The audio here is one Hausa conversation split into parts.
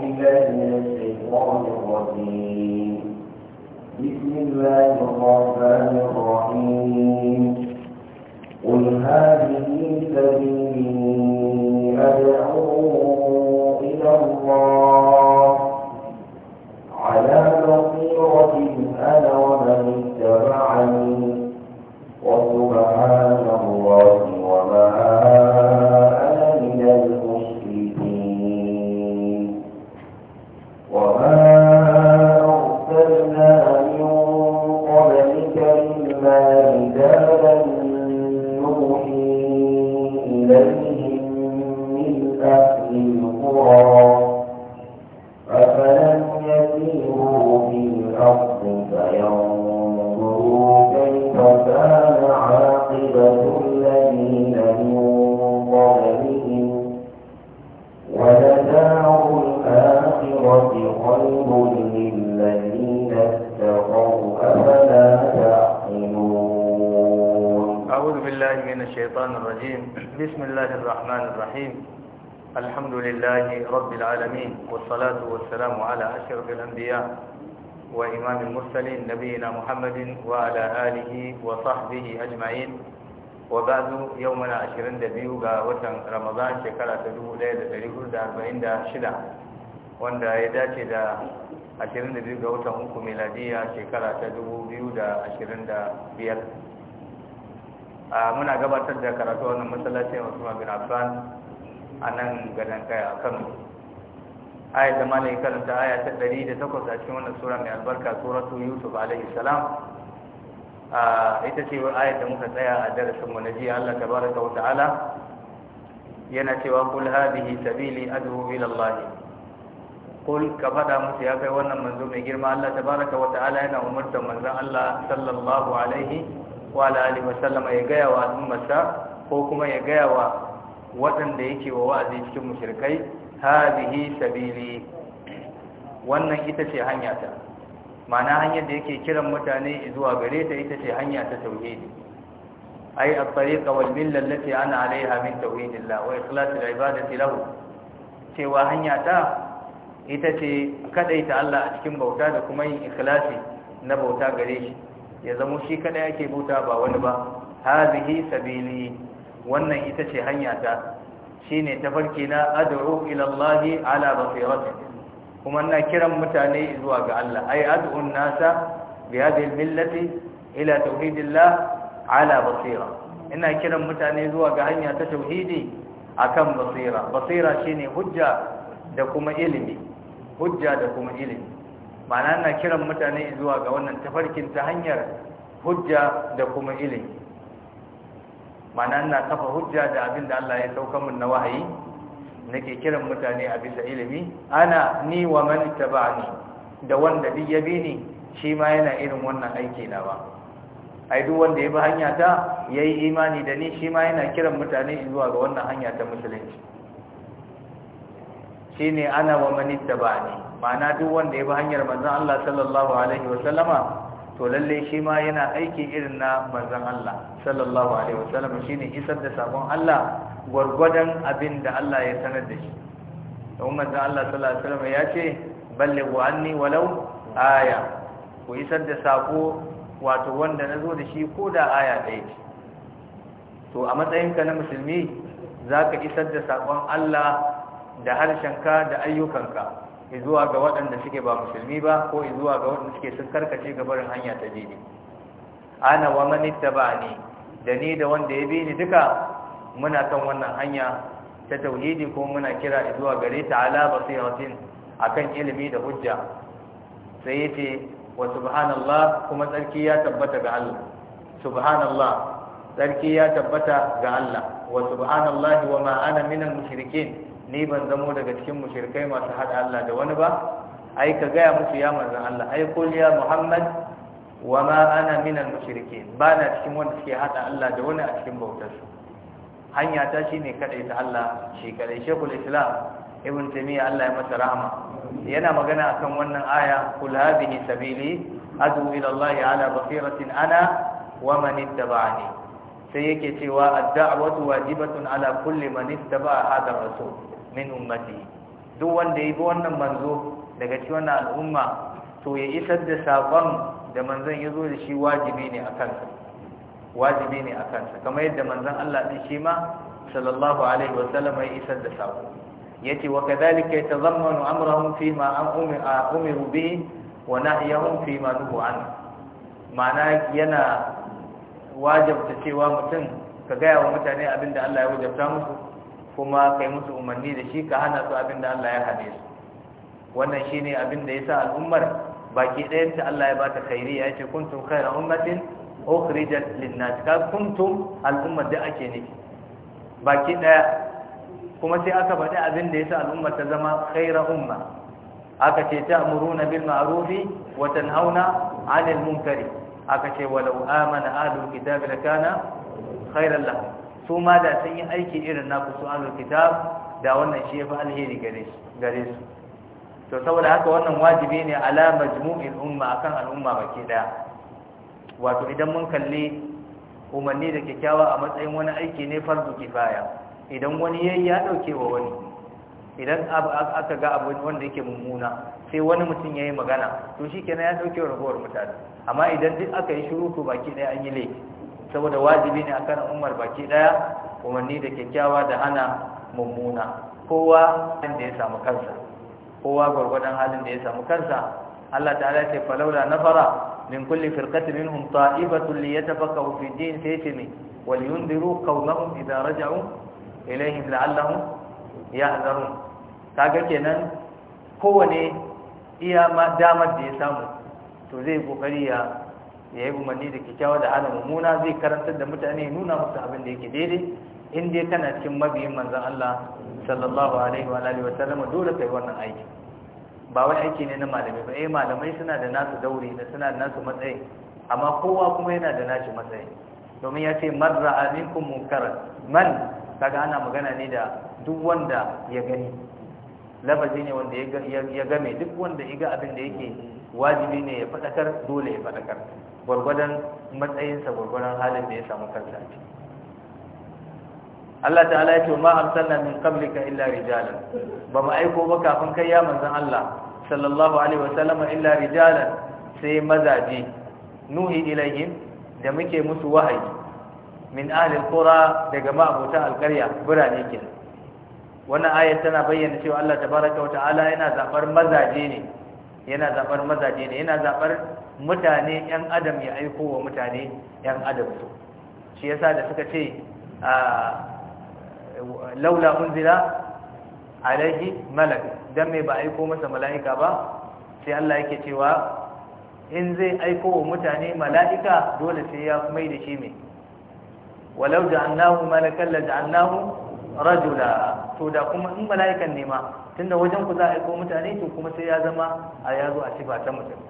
بالله من الشيطان الرجيم بسم الله الرحمن الرحيم قل هذه سبيلي أدعو إلى الله وصحبه أجمعين وبعد يومنا عشرين دبيو وطن رمضان شكرا تدوه ليلة تريقل دا wanda ya dace da دا يداتي دا عشرين دبيو وطن أمكو muna gabatar da karatu wannan masallacin Usman bin Affan a nan gadan kai a Kano ayat da karanta aya ta 108 a cikin wannan sura mai albarka suratu Yusuf alaihi salam ita ce ayat da muka tsaya a darasin mu na jiya Allah tabaraka wa ta'ala yana cewa kul hadhihi sabili ad'u ila Allah kul ka fada musu ya kai wannan manzo mai girma Allah tabaraka wa ta'ala yana umurtar manzon Allah sallallahu alaihi wa alihi wa sallama ya gaya wa ummata ko kuma ya gaya yawa wadanda yake wa wa'azi cikin mushrikai hadhihi sabili wannan ita ce hanya ta ma'ana hanyar da yake kiran mutane zuwa gare ta ita ce hanya ta tauhidi ai at-tariqa millal lati ana alaiha min tauhidillah wa ikhlasil ibadati lahu cewa hanya ta ita ce kadaita Allah a cikin bauta da kuma yin ikhlasi na bauta gare shi ya zama shi kada ake bauta ba wani ba hazihi sabili wannan ita ce hanya ta shine tafarki na ad'u ila Allah ala basiratin kuma na kiran mutane zuwa ga Allah ai ad'un nasa bi hadhihi millati ila tauhidillah ala basira ina kiran mutane zuwa ga hanya ta tauhidi akan basira basira shine hujja da kuma ilimi hujja da kuma ilimi ma'ana ina kiran mutane zuwa ga wannan tafarkin ta hanyar hujja da kuma ilimi ma'ana ina kafa hujja da abinda Allah ya sauka mun na wahayi nake kiran mutane a bisa ilimi ana ni wa man tabani da wanda duk ya bi ni shi ma yana irin wannan aiki na ba ai duk wanda ya bi hanya ta yayi imani da ni shi ma yana kiran mutane zuwa ga wannan hanya ta musulunci shine ana wa man tabani ma'ana duk wanda ya bi hanyar manzon Allah sallallahu alaihi wa sallama to lalle shi ma yana aiki irin na manzon Allah sallallahu alaihi wa sallama shine isar da sabon Allah gwargwadon abin da Allah ya sanar da shi don Allah sallallahu ya ce balle wa'anni walau aya ku isar da sako wato wanda na zo da shi ko da aya ɗaya ce to a matsayinka na musulmi za zaka isar da sakon Allah da harshenka da ayyukanka zuwa ga waɗanda suke ba musulmi ba ko zuwa ga waɗanda suke sun karkace ga barin hanya ta daidai ana wa ba ni da ni da wanda ya bi ni duka muna kan wannan hanya ta tauhidi ko muna kira zuwa gare ta ala basiratin akan ilimi da hujja sai yace wa subhanallah kuma tsarki ya tabbata ga Allah subhanallah tsarki ya tabbata ga Allah wa subhanallahi wa ma ana minal mushrikin ni ban zamo daga cikin mushrikai masu hada Allah da wani ba ai ka gaya musu ya manzon Allah ai kul ya Muhammad wa ma ana minal mushrikin ba na cikin wanda suke hada Allah da wani a cikin bautarsu hanya ta ne kadai ta Allah shi kadai shekul islam ibn taymiya Allah ya masa rahama yana magana akan wannan aya kul hadhihi sabili adu ila Allah ala basiratin ana wa man ittaba'ani sai yake cewa ad-da'watu wajibatun ala kulli man ittaba'a hadha rasul min ummati duk wanda yabi wannan manzo daga cikin wannan al'umma to ya isar da sakon da manzon yazo da shi wajibi ne akan wajibi ne a kansa kamar yadda manzon Allah ɗin shi ma sallallahu alaihi wa ya isar da sako yace wa kadhalika yatazammanu amrahum fi ma umiru bihi wa nahyahum fi ma nuhu an ma'ana yana wajabta cewa mutum ka gaya wa mutane abin da Allah ya wajabta musu kuma kai musu umarni da shi ka hana su abin da Allah ya hade su wannan shine abin da yasa al'ummar baki ta Allah ya bata kairi ya ce kuntum khayra ummatin ukhrijat lin-nas ka kuntum al'umma da ake nufi baki daya kuma sai aka faɗi abin da yasa al'umma ta zama khayra umma aka ce ta'muruna bil ma'rufi wa tanhauna 'anil munkari aka ce walau amana ahlul kitabi lakana khayran lahum su ma da sun yi aiki irin na su ahlul kitab da wannan shi yafi alheri gare su gare su to saboda haka wannan wajibi ne ala majmu'il umma akan al'umma baki daya wato idan mun kalli umarni da kyakkyawa a matsayin wani aiki ne farzu kifaya idan wani yayi ya dauke wa wani idan aka ga abu wanda yake mummuna sai wani mutum yayi magana to shi kenan ya dauke ragowar mutane amma idan duk aka yi shiru to baki daya an yi laifi saboda wajibi ne akan umar baki daya umarni da kyakkyawa da hana mummuna kowa da ya samu kansa kowa gwargwadon halin da ya samu kansa Allah ta'ala ce falaula nafara min kulle kulli firqatin minhum ta'ibatun liyatafaqahu fi din sai ce me wal yundiru qawmahum idza raja'u ilayhim la'allahum yahzarun kaga kenan kowane iya damar da ya samu to zai kokari ya ya yi umarni da kyakkyawa da hana mummuna zai karantar da mutane nuna musu abin da yake daidai in dai kana cikin mabiyin manzon Allah sallallahu alaihi wa alihi dole kai wannan aiki ba wai aiki ne na malamai ba eh malamai suna da nasu dauri da suna da nasu matsayi amma kowa kuma yana da nashi matsayi domin ya ce marra ra'a munkar man kaga ana magana ne da duk wanda ya gani labazi ne wanda ya game duk wanda ya ga abin da yake wajibi ne ya fadakar dole ya fadakar gwargwadon matsayinsa gwargwadon halin da ya samu kansa ce. Allah ta'ala ya ce ma arsalna min qablika illa rijalan ba mu aiko ba kafin kai ya manzon Allah sallallahu alaihi wasallam illa rijalan sai mazaje nuhi ilayhim da muke musu wahayi min ahli alqura daga ma'abota alqarya birane ke wannan ayat tana bayyana cewa Allah tabaraka wata'ala yana zabar mazaje ne yana zabar mazaje ne yana zabar mutane ƴan adam ya aiko wa mutane yan adam su shi yasa da suka ce a ah, laula unzila alaihi malak dan me ba aiko masa mala'ika ba sai Allah yake cewa in zai aiko wa mutane mala'ika dole sai ya mai da shi me walau ja'annahu malakan la ja'annahu rajula to da kuma in mala'ikan ne ma tunda wajen ku za a aiko mutane to kuma sai ya zama a yazo a sifa mutum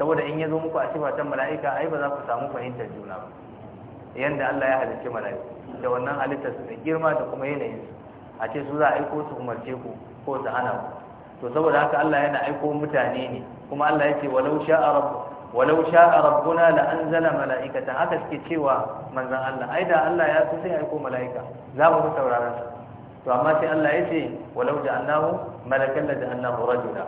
saboda in ya zo muku a sifa mala'ika ai ba za ku samu fahimtar juna ba yanda Allah ya halicci mala'ika da wannan halittar su da girma da kuma yanayinsu a ce su za a aiko su umarce ku ko su hana ku to saboda haka Allah yana aiko mutane ne kuma Allah ya ce walau sha'a rabbuka walau sha'a rabbuna la anzala mala'ikatan haka suke cewa manzon Allah ai da Allah ya so sai aiko mala'ika za mu sauraron su to amma sai Allah ya ce walau da ja'alnahu malakan la ja'alnahu rajula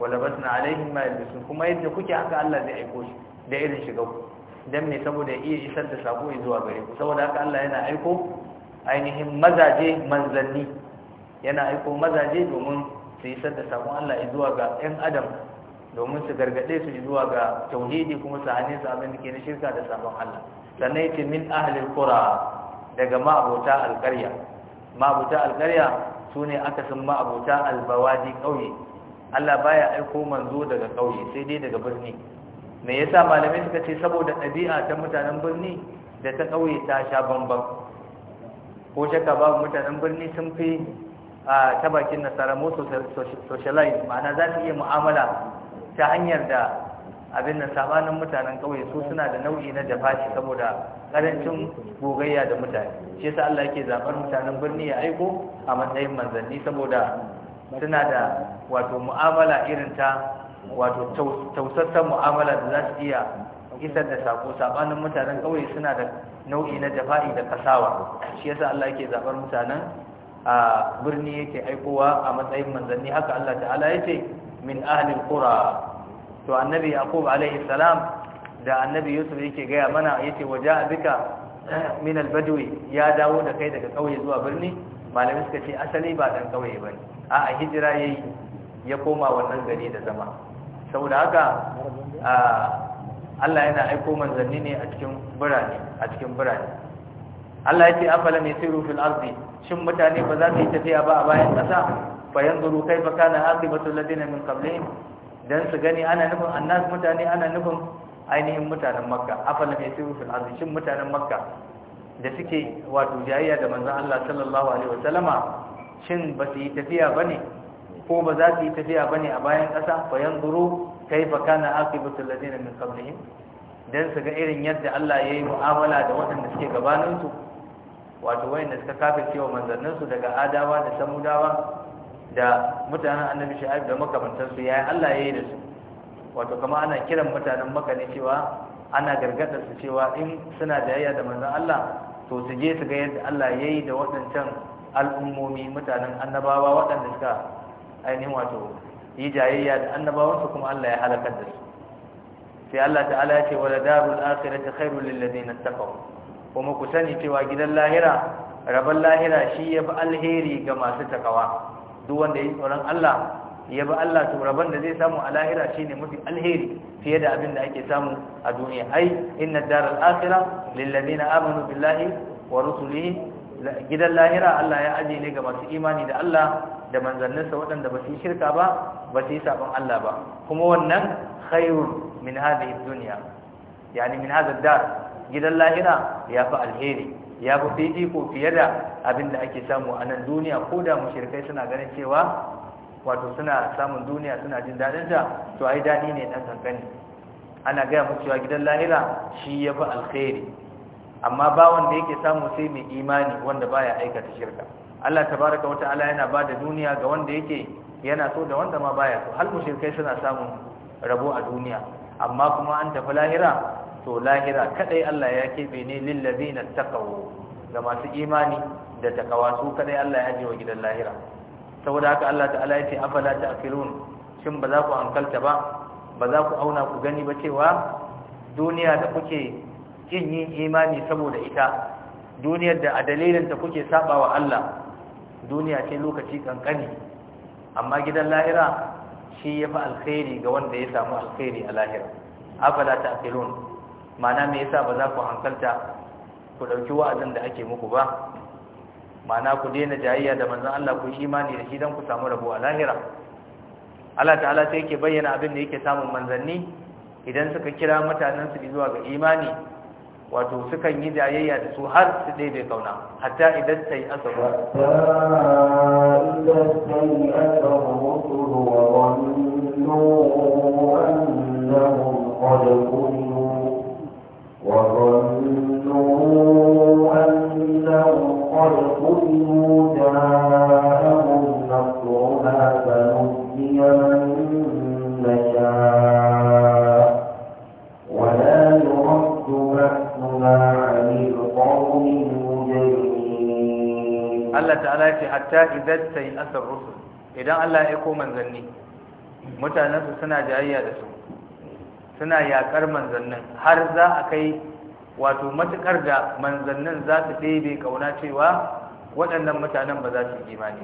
wa labasna alaihim ma yalbisun kuma yadda kuke haka Allah zai aiko shi da irin shiga ku dan ne saboda iya isar da sako zuwa gare ku saboda haka Allah yana aiko ainihin mazaje manzanni yana aiko mazaje domin su isar da sako Allah zuwa ga ɗan adam domin su gargade su zuwa ga tauhidi kuma su hane su abin da ke na shirka da sakon Allah sannan yake min ahlil qura daga ma'abota alƙarya ma'abota alƙarya sune akasin ma'abota albawadi ƙauye Allah baya aiko manzo daga ƙauye sai dai daga birni me yasa malamai suka ce saboda ɗabi'a ta mutanen birni da ta ƙauye ta sha bambam ko shaka babu mutanen birni sun fi a ta bakin nasara mu socialize ma'ana za su iya mu'amala ta hanyar da abin da sabanin mutanen ƙauye su suna da nau'i na fashi saboda ƙarancin gogayya da mutane shi yasa Allah yake zaɓar mutanen birni ya aiko a matsayin manzanni saboda suna da wato mu'amala irin ta wato tausassan mu'amala da za su iya isar da sako sabanin mutanen kauye suna da nau'i na jafa'i da kasawa shi yasa Allah yake zabar mutanen a birni yake aikowa a matsayin manzanni haka Allah ta'ala yace min ahlil qura to annabi yaqub alaihi salam da annabi yusuf yake gaya mana yace waja'a bika min albadwi ya dawo da kai daga kauye zuwa birni malamai suka ce asali ba dan kauye bane a a hijira ya yi ya koma wannan gari da zama saboda haka Allah yana aiko manzanni ne a cikin birane a cikin birane Allah yake afala mai siru fil ardi shin mutane ba za su yi tafiya ba a bayan kasa. fa yanzuru kaifa kana aqibatu alladhina min qablihim dan su gani ana nufin annas mutane ana nufin ainihin mutanen makka afala mai siru fil ardi shin mutanen makka da suke wato jayayya da manzon Allah sallallahu alaihi wasallama shin ba su yi tafiya ba ne ko ba za su yi tafiya ba ne a bayan ƙasa bayan zuru yi ba aqibatul na min qablihim don su ga irin yadda Allah ya yi mu'amala da waɗanda suke gabaninsu wato da suka kafin cewa manzanninsu daga adawa da samudawa da mutanen annabi sha'ib da makamantarsu ya yi Allah ya yi da su wato kama ana kiran mutanen maka ne cewa ana gargadar su cewa in suna da yaya da manzan Allah to su je su ga yadda Allah ya yi da waɗancan al'ummomi mutanen annabawa waɗanda suka ainihin wato yi jayayya da annabawansu kuma Allah ya halakar da su sai Allah ta'ala ya ce da darul ta khairul lil ladina taqaw kuma ku sani cewa gidan lahira rabon lahira shi yafi alheri ga masu takawa duk wanda yi tsoron Allah ya bi Allah to rabon da zai samu a lahira shine mafi alheri fiye da abin da ake samu a duniya ai inna daral akhirah lil ladina amanu billahi wa rusulihi gidan lahira Allah ya aje ne ga masu imani da Allah da manzanninsa waɗanda ba su yi shirka ba ba su yi sabon Allah ba kuma wannan khairun min hadhihi duniya. yani min hadha dar gidan lahira ya fi alheri ya fi ko fiye da abin da ake samu a nan duniya ko da mushrikai suna ganin cewa wato suna samun duniya suna jin daɗin ta to ai daɗi ne ɗan kankani ana gaya mu cewa gidan lahira shi ya fi alheri amma ba wanda yake samu sai mai imani wanda baya aikata shirka Allah tabaraka wa ta'ala yana bada duniya ga wanda yake yana so da wanda ma baya so hal mushrikai suna samun rabo a duniya amma kuma an tafi lahira to lahira kadai Allah ya kebe ne lil ladina taqaw ga masu imani da takawa su kadai Allah ya ji wa gidan lahira saboda haka Allah ta'ala ya ce afala ta'qilun shin ba za ku hankalta ba ba za ku auna ku gani ba cewa duniya da kuke kin yin imani saboda ita duniyar da a dalilin ta kuke saba Allah duniya ce lokaci kankani amma gidan lahira shi ya fi alkhairi ga wanda ya samu alkhairi a lahira afala ta'qilun mana me yasa ba za ku hankalta ku dauki wa'azin da ake muku ba Mana ku daina jayayya da manzon Allah ku imani da shi dan ku samu rabo a lahira Allah ta'ala sai yake bayyana abin da yake samun manzanni idan suka kira mutanen su zuwa ga imani wato sukan yi jayayya da su har su dai daidai kauna hatta idan sai yi asa ba وظنوا أنهم Allah ta'ala ya ce hatta idan yi asar rusul idan Allah ya aiko manzanni mutanensu suna jayayya da su suna yakar manzannin har za a kai wato matukar da manzannin za su ɗebe kauna cewa waɗannan mutanen ba za su yi imani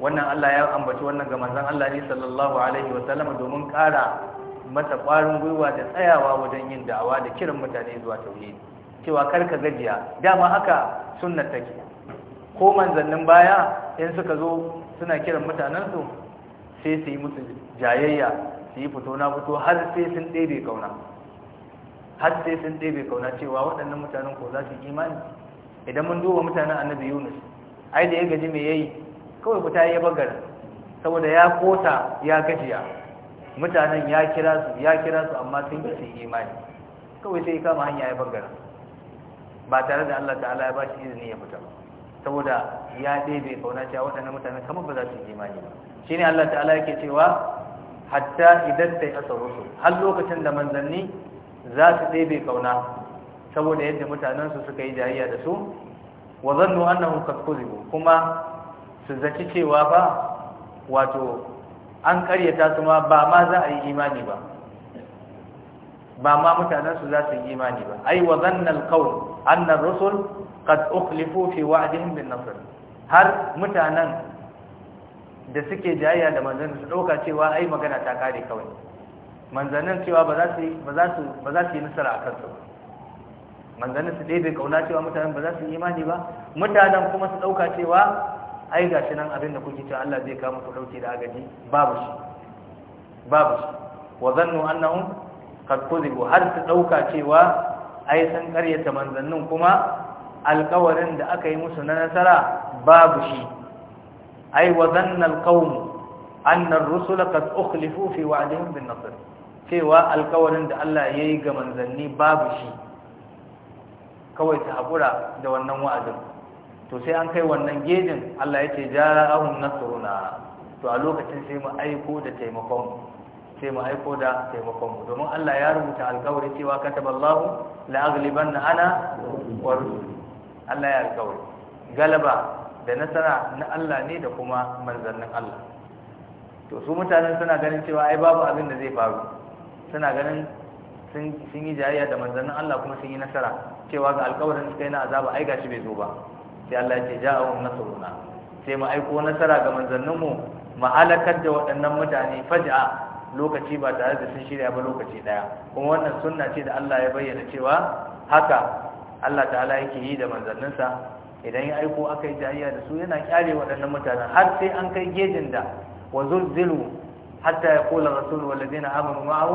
wannan Allah ya ambaci wannan ga manzan Allah ne sallallahu alaihi wa domin ƙara mata ƙwarin gwiwa da tsayawa wajen yin da'awa da kiran mutane zuwa tauhidi cewa karka gajiya dama haka sunnar take ko manzannin baya in suka zo suna kiran su sai su yi musu jayayya su yi fito na fito har sai sun ɗebe kauna har sai sun ɗebe kauna cewa waɗannan mutanen ko za su imani idan mun duba mutanen annabi yunus ai da ya gaji me yayi kawai fita ya bagara saboda ya kota ya gajiya mutanen ya kira su ya kira su amma sun yi imani kawai sai kama hanya ya bangara ba tare da Allah ta'ala ya ba shi izini ya fita saboda ya ɗebe kauna cewa waɗannan mutanen kamar ba za su yi imani ba shine Allah ta'ala yake cewa hatta idan yi asa rusul har lokacin da manzanni za su ɗebe kauna saboda yadda mutanen su suka yi jayayya da su wa zannu annahum qad kuma su zaci cewa ba wato an karyata su ma ba ma za a yi imani ba ba ma mutanen su za su yi imani ba ai wa zannan alqawl anna ar-rusul qad ukhlifu fi wa'dihim bin nasr har mutanen da suke jayayya da manzon su dauka cewa ai magana ta kare kawai manzanin cewa ba za su ba za su ba za su yi nasara akan su manzanin su dai bai kauna cewa mutanen ba za su yi imani ba mutanen kuma su dauka cewa ai ga shi nan abin da kuke cewa Allah zai kawo muku dauke da agaji babu shi babu shi wa zannu annahum qad kuzibu har su dauka cewa ai san karyata manzannin kuma alƙawarin da aka yi musu na nasara babu shi ai wa zanna alqawm anna ar-rusula qad ukhlifu fi wa'dihim bin nasr cewa alƙawarin da Allah yayi ga manzanni babu shi kawai ta hakura da wannan wa'adin. to sai an kai wannan gejin Allah ya ce ja'ahum nasruna to a lokacin sai mu aiko da taimakon mu sai mu aiko da taimakon mu domin Allah ya rubuta alƙawari cewa kataballahu la aghlibanna ana wa Allah ya alƙawari galaba da nasara na Allah ne da kuma manzannin Allah to su mutanen suna ganin cewa ai babu abin da zai faru suna ganin sun yi jayayya da manzannin Allah kuma sun yi nasara cewa ga alƙawarin suka yi na azaba ai gashi bai zo ba sai Allah ya ce a ja'ahum nasruna sai mu aiko nasara ga manzanninmu mu halakar da waɗannan mutane faj'a lokaci ba tare da sun shirya ba lokaci ɗaya kuma wannan sunna ce da Allah ya bayyana cewa haka Allah ta'ala yake yi da manzanninsa idan ya aiko aka yi jayayya da su yana kyale waɗannan mutanen har sai an kai gejin da wa zulzilu hatta ya kula rasul wa ladina amanu ma'ahu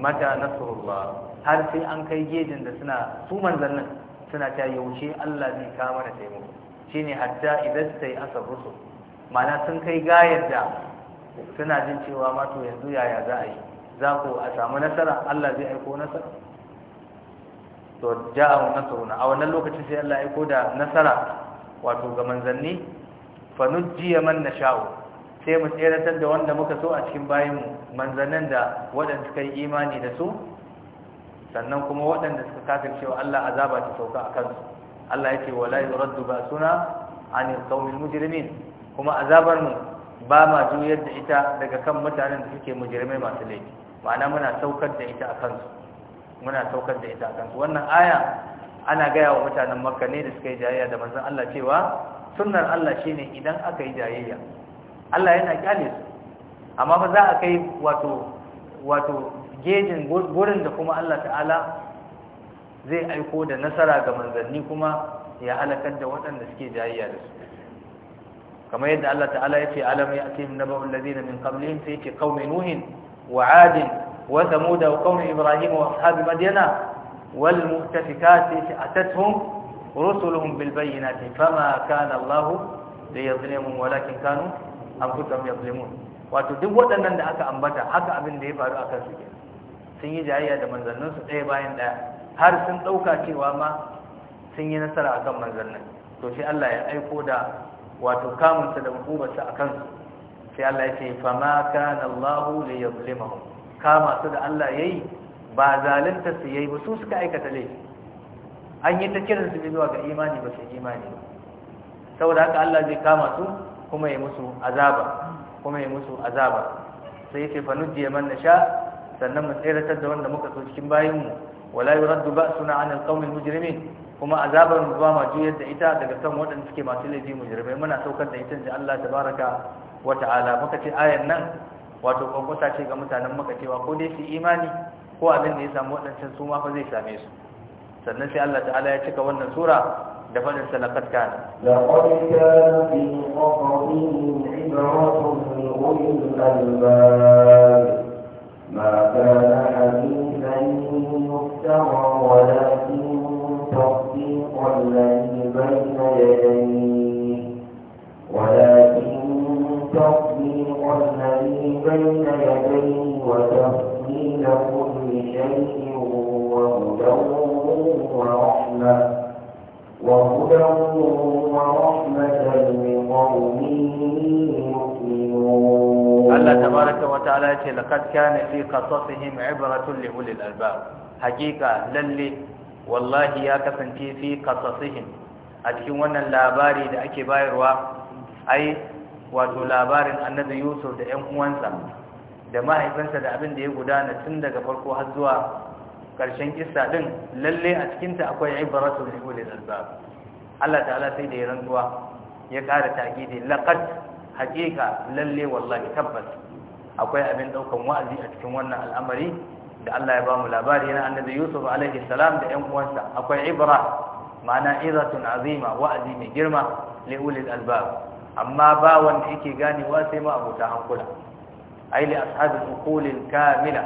mata nasrullah har sai an kai gejin da suna su manzannin suna ta yaushe Allah zai kama da taimako shine hatta idan sai asar rusu mana sun kai gayar da suna jin cewa ma yanzu yaya za a yi za ku a samu nasara Allah zai aiko nasara to ja'a nasruna a wannan lokacin sai Allah aiko da nasara wato ga manzanni fa jiya man nasha'u sai mu tseratar da wanda muka so a cikin bayin Manzanan manzannin da waɗanda suka yi imani da su sannan kuma waɗanda suka kafirce cewa Allah azaba ta sauka a kansu Allah yake wala yuraddu basuna ani qaumil mujrimin kuma azabar mu ba ma juyar da ita daga kan mutanen da suke mujrimai masu laifi ma'ana muna saukar da ita a kansu muna saukar da ita a kansu wannan aya ana gaya wa mutanen makka ne da suka yi jayayya da manzon Allah cewa sunnar Allah shine idan aka yi jayayya Allah yana kyale su amma ba za a kai wato wato gejin gurin da kuma Allah ta'ala zai aiko da nasara ga manzanni kuma ya halakar da waɗanda suke jayayya da su kamar yadda Allah ta'ala ya ce alamai a cikin atim naba'u allazina min qablihim sai ce qaumi nuhin wa 'adin wa thamud wa qaumi ibrahim wa ashabi madyana wal a mu'tafikat atatuhum rusuluhum bil bayyinati fama kana Allah liyadhlimuhum walakin kanu an anfusahum yadhlimun wato duk waɗannan da aka ambata haka abin da ya faru a kansu kenan sun yi jayayya da manzanninsu ɗaya bayan ɗaya har sun ɗauka cewa ma sun yi nasara akan manzannin to shi Allah ya aiko da wato kamunsa da hukumarsa a kansu sai Allah ya ce fama kana Allah li Ka kama su da Allah yayi ba zalunta su yayi ba su suka aikata laifi an yi ta kiransu zuwa ga imani ba su imani ba saboda haka Allah zai kama su kuma ya musu azaba kuma ya musu azaba sai ya ce fa nujiya man nasha sannan mu tseratar da wanda muka so cikin bayinmu wala yuraddu ba'suna 'ala al-qawmi mujrimin kuma azabar mu ba ma juyar da ita daga kan waɗanda suke masu laifi mujrimai muna saukar da ita da Allah tabaraka wa ta'ala muka ce ayar nan wato kwankwasa ce ga mutanen muka cewa ko dai su imani ko abin da ya samu waɗancan su ma fa zai same su sannan sai Allah ta'ala ya cika wannan sura da fadin salakat kana laqad kana fi qawmin ibratun lil ulil albab ما كان حديثا يفترى ولكن تصديق الذي بين يديه ولكن تصديق الذي بين يديه وتفصيل كل شيء وهدى ورحمة وهدى ta'ala ya ce laqad kana fi qasasihim ibratun li ulil albab hakika lalle wallahi ya kasance fi qasasihim a cikin wannan labari da ake bayarwa ai wato labarin annabi Yusuf da ƴan uwansa da mahaifinsa da abin da ya gudana tun daga farko har zuwa ƙarshen kissa din lalle a cikin ta akwai ibratun li ulil albab Allah ta'ala sai da ya rantsuwa ya ƙara ta'kidi laqad hakika lalle wallahi tabbas akwai abin daukan wa'azi a cikin wannan al'amari da Allah ya bamu labari na annabi Yusuf alaihi salam da ƴan uwansa akwai ibra ma'ana izatun azima wa'azi mai girma li ulil albab amma ba wanda yake ganewa sai ma abota hankula ai li ashabil uqulil kamila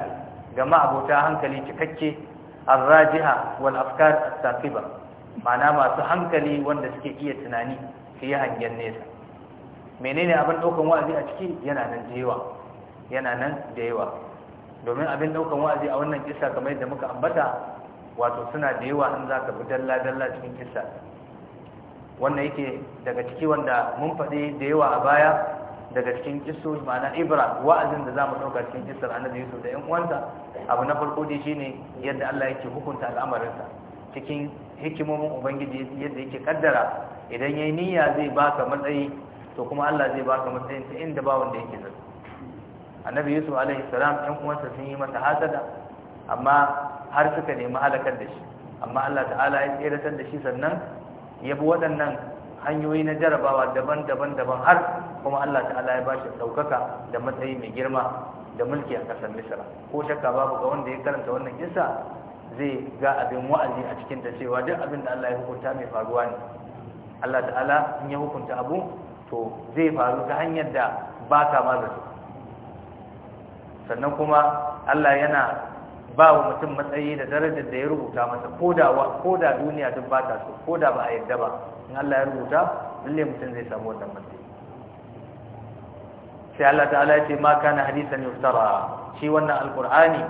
ga ma abota hankali cikakke arrajiha wal afkar as-saqiba ma'ana masu hankali wanda suke iya tunani su yi hangen nesa menene abin daukan wa'azi a ciki yana nan jewa yana nan da yawa domin abin daukan wa'azi a wannan kisa kamar yadda muka ambata wato suna da yawa an za ka fi dalla-dalla cikin kisa wannan yake daga ciki wanda mun faɗi da yawa a baya daga cikin kiso ma'ana ibra wa'azin da za mu ɗauka cikin kisar annabi yusuf da 'yan uwansa abu na farko dai shine yadda Allah yake hukunta al'amarinsa cikin hikimomin ubangiji yadda yake kaddara idan ya yi niyya zai baka matsayi to kuma Allah zai baka matsayin ta inda ba wanda yake zai annabi yusuf alaihi salam ɗan uwansa sun yi masa hasada amma har suka nemi halakar da shi amma Allah ta'ala ya tseratar da shi sannan ya bi waɗannan hanyoyi na jarabawa daban-daban daban har kuma Allah ta'ala ya bashi ɗaukaka da matsayi mai girma da mulki a ƙasar misra ko shakka babu ga wanda ya karanta wannan kisa zai ga abin wa'azi a cikin ta cewa duk abin da Allah ya hukunta mai faruwa ne Allah ta'ala in ya hukunta abu to zai faru ta hanyar da ba ka ma zato sannan kuma Allah yana ba wa mutum matsayi da darajar da ya rubuta masa ko da duniya duk ba ta so ko da ba a yadda ba in Allah ya rubuta lalle mutum zai samu wannan matsayi sai Allah ta'ala ya ce ma kana hadisan yuftara shi wannan alqur'ani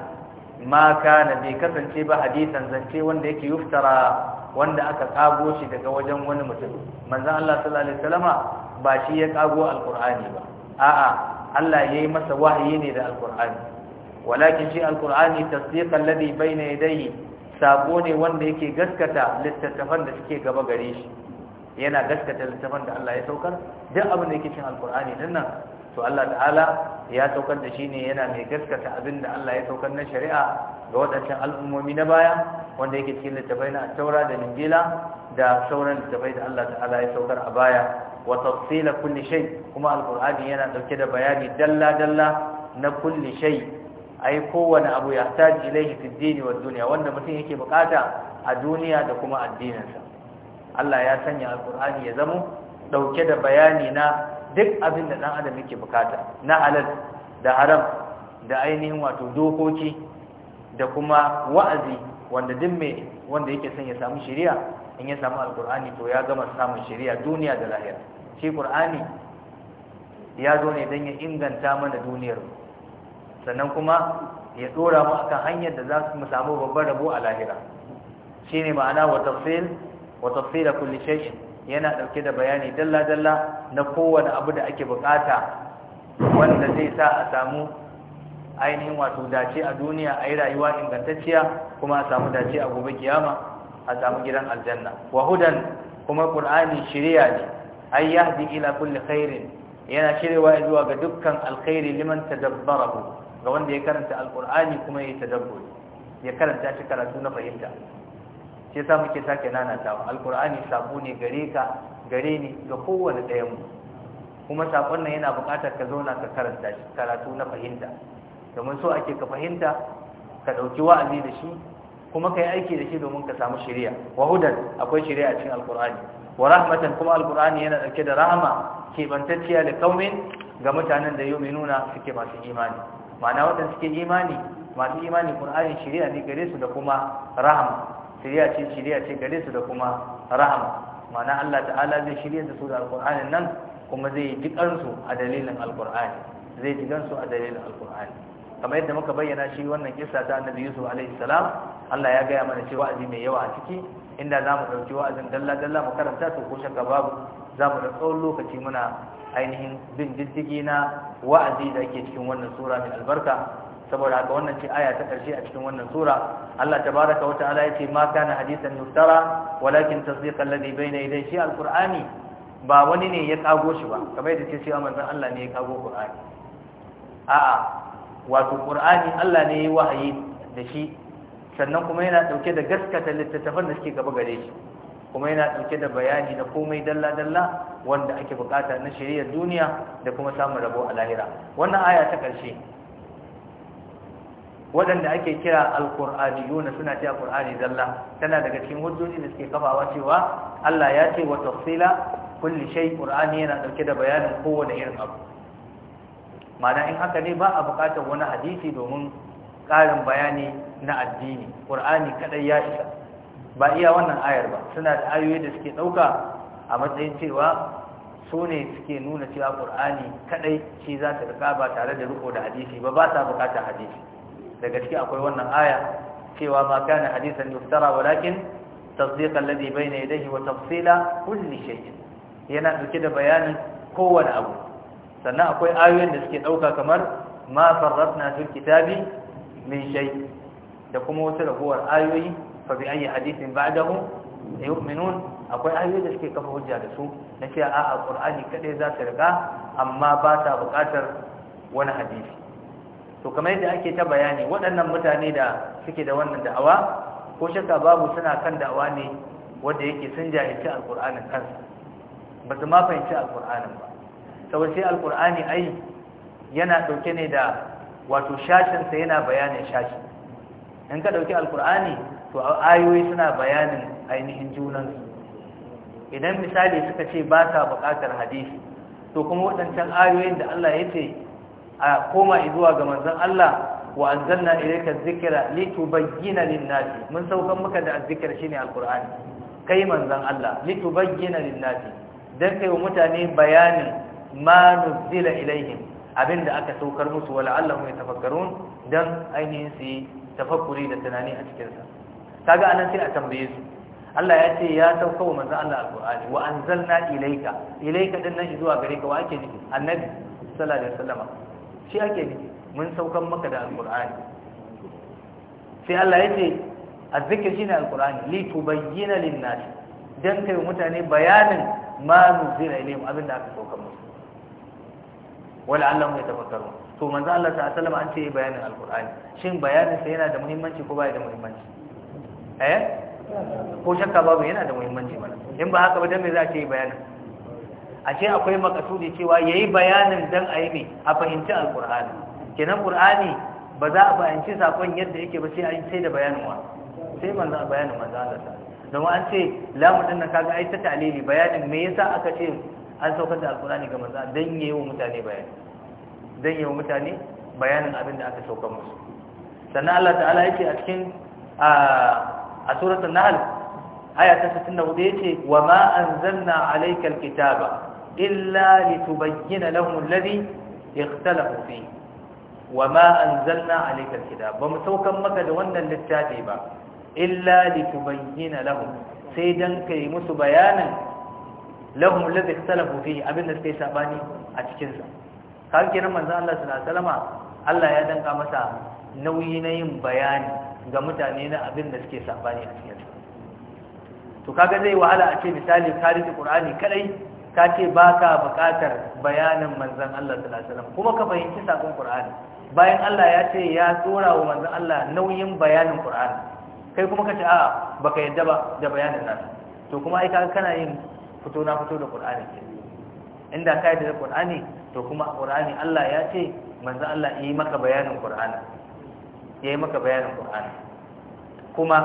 ma kana bai kasance ba hadisan zance wanda yake yuftara wanda aka kago shi daga wajen wani mutum manzon Allah sallallahu alaihi wasallama ba shi ya kago alqur'ani ba a'a Allah ya yi masa wahayi ne da alkur'ani walakin shi alkur'ani tasdiqan ladhi bayna yadayhi sako ne wanda yake gaskata littattafan da suke gaba gare shi yana gaskata littattafan da Allah ya saukar duk abin da yake cikin alkur'ani din nan to Allah ta'ala ya saukar da shi ne yana mai gaskata abin da Allah ya saukar na shari'a ga waɗancan al'ummomi na baya wanda yake cikin littattafai na taura da injila da sauran littattafai da Allah ta'ala ya saukar a baya wa tafsila kulli shay kuma alqur'ani yana dauke da bayani dalla dalla na kulli shay ai kowane abu ya taji ilaihi fi dini wa dunya wanda mutum yake bukata a duniya da kuma addininsa Allah ya sanya alqur'ani ya zamo dauke da bayani na duk abin da dan adam yake bukata na halal da haram da ainihin wato dokoki da kuma wa'azi wanda duk mai wanda yake son ya samu shari'a in ya samu alqur'ani to ya gama samun shari'a duniya da lahira shi qur'ani ya zo ne don ya inganta mana duniyar sannan kuma ya dora mu akan hanyar da za mu samu babban rabo a lahira Shi ne ma'ana wa tafsil wa kulli shay'in yana ɗauke da bayani dalla dalla na kowane abu da ake bukata wanda zai sa a samu ainihin wato dace a duniya a yi rayuwa ingantacciya kuma a samu dace a gobe kiyama a samu gidan aljanna Wahudan kuma qur'ani shiriya ne ay yahdi ila kulli khairin yana shirewa zuwa ga dukkan alkhairi liman tadabbarahu ga wanda ya karanta alqur'ani kuma ya tadabburi ya karanta shi karatu na fahimta shi sa muke sake nanatawa alqur'ani sabo ne gare ka gare ni ga kowanne ɗayan mu kuma sakon nan yana buƙatar ka zauna ka karanta shi karatu na fahimta domin so ake ka fahimta ka ɗauki wa'azi da shi kuma ka yi aiki da shi domin ka samu shari'a wahudan akwai shari'a cikin alkur'ani wa rahmatan kuma alqur'ani yana dauke da rahama kebantacciya da kaumin ga mutanen da nuna suke masu imani ma'ana wadanda suke imani masu imani qur'ani shari'a ne gare su da kuma rahama shari'a ce shari'a ce gare su da kuma rahama ma'ana Allah ta'ala zai shirya da su da alqur'anin nan kuma zai ji kansu a dalilin alqur'ani zai ji kansu a dalilin alqur'ani kamar yadda muka bayyana shi wannan kissa ta Annabi Yusuf alaihi salam Allah ya gaya mana cewa azimi mai yawa a ciki inda zamu mu ɗauki wa'azin dalla-dalla mu karanta to ko babu za mu da tsawon lokaci muna ainihin bin diddigi na wa'azi da ake cikin wannan sura mai albarka saboda haka wannan ce aya ta ƙarshe a cikin wannan sura Allah tabaraka wata ta'ala ce, ma kana hadisan yuftara walakin tasdiq alladhi bayna yadayhi shi alqur'ani ba wani ne ya kago shi ba kamar yadda ce cewa manzon Allah ne ya kago qur'ani a'a wato qur'ani Allah ne ya wahayi da shi sannan kuma yana ɗauke da gaskata littattafan da suke gaba gare shi kuma yana dauke da bayani na komai dalla dalla wanda ake bukata na shari'ar duniya da kuma samun rabo a lahira wannan aya ta ƙarshe. waɗanda ake kira Yuna suna cewa ƙur'ani zalla tana daga cikin hujjoji da suke kafawa cewa Allah ya ce wa tafsila kulli shay ƙur'ani yana ɗauke da bayanin kowane irin abu ma'ana in haka ne ba a buƙatar wani hadisi domin ƙarin bayani na addini qur'ani kadai ya isa ba iya wannan ayar ba suna da ayoyi da suke dauka a matsayin cewa su ne suke nuna cewa qur'ani kadai shi za ta rika ba tare da riko da hadisi ba ba ta bukatar hadisi daga ciki akwai wannan aya cewa ma kana hadisan yuftara walakin tasdiqa alladhi bayna yadayhi wa tafsila kulli shay yana dauke da bayani kowane abu sannan akwai ayoyin da suke dauka kamar ma farratna fil kitabi min shay da kuma wata ragowar ayoyi fa bi ayi hadithin ba'dahu yu'minun akwai ayoyi da suke kafa hujja da su na cewa a alqur'ani kadai za ta riga amma ba ta buƙatar wani hadisi to kamar yadda ake ta bayani waɗannan mutane da suke da wannan da'awa ko shakka babu suna kan da'awa ne wanda yake sun jahilci alqur'ani kansa ba su ma fahimci alqur'ani ba saboda sai alqur'ani ai yana dauke ne da wato sa yana bayanin shashi in ka dauki alkur'ani to ayoyi suna bayanin ainihin junansu idan misali suka ce ba sa buƙatar hadisi to kuma waɗancan ayoyin da Allah ya ce a koma zuwa ga manzon Allah wa anzalna ilayka dhikra litubayyana lin-nasi mun saukan maka da azzikr shine alqur'ani kai manzon Allah litubayyana lin-nasi dan kai wa mutane bayanin ma nuzila ilayhim abinda aka saukar musu wala Allah ya dan ainihin su tafakkuri da tunani a cikinsa kaga anan sai a tambaye su Allah ya ce ya sauka wa manzon Allah alqur'ani wa anzalna ilayka ilayka din nan zuwa gare ka wa ake nufi annabi sallallahu alaihi wasallam shi ake nufi mun saukan maka da alqur'ani sai Allah ya ce azzikr shine alqur'ani li tubayyana lin-nas dan kai mutane bayanin ma nuzila ilayhim abinda aka sauka musu wala'allahum yatafakkarun to manzo Allah ta sallama an ce bayanin alqur'ani shin bayanin sa yana da muhimmanci ko ya da muhimmanci eh ko shakka babu yana da muhimmanci mana in ba haka ba dan me za a ce bayanin ce akwai makasudi cewa yayi bayanin dan ayi me a fahimci alqur'ani kenan qur'ani ba za a fahimci sakon yadda yake ba sai an sai da bayanin wa sai manzo bayanin manzo Allah ta don an ce lamu din nan kaga ai ta ta'lili bayanin me yasa aka ce an saukar da alqur'ani ga manzo dan yayi wa mutane bayani Zan yi wa mutane bayanin abin da aka saukan musu sannan Allah ta'ala ya ce a cikin a suratul nahl aya ta 64 ce, wa ma anzalna alayka alkitaba illa litubayyana lahum ladi ikhtalafu fihi wa ma anzalna kitaba. Ba mu saukan maka da wannan littafi ba illa litubayyana lahum sai dan kai musu bayanin lahum ladi ikhtalafu fihi abin da suka yi sabani a cikinsa. kaga kenan manzo Allah sallallahu alaihi wasallama Allah ya danka masa nauyi na yin bayani ga mutane na abin da suke sabani a cikin to kaga zai wahala a ce misali ka Qur'ani kadai ka ce baka bukatar bayanin manzon Allah sallallahu alaihi wasallam kuma ka fahimci sakon Qur'ani bayan Allah ya ce ya tsora wa manzon Allah nauyin bayanin Qur'ani kai kuma ka a baka yadda ba da bayanin nan to kuma ai kana yin fito na fito da Qur'ani inda ka da Qur'ani to kuma qur'ani Allah ya ce manzo Allah yi maka bayanin qur'ana yayi maka bayanin qur'ana kuma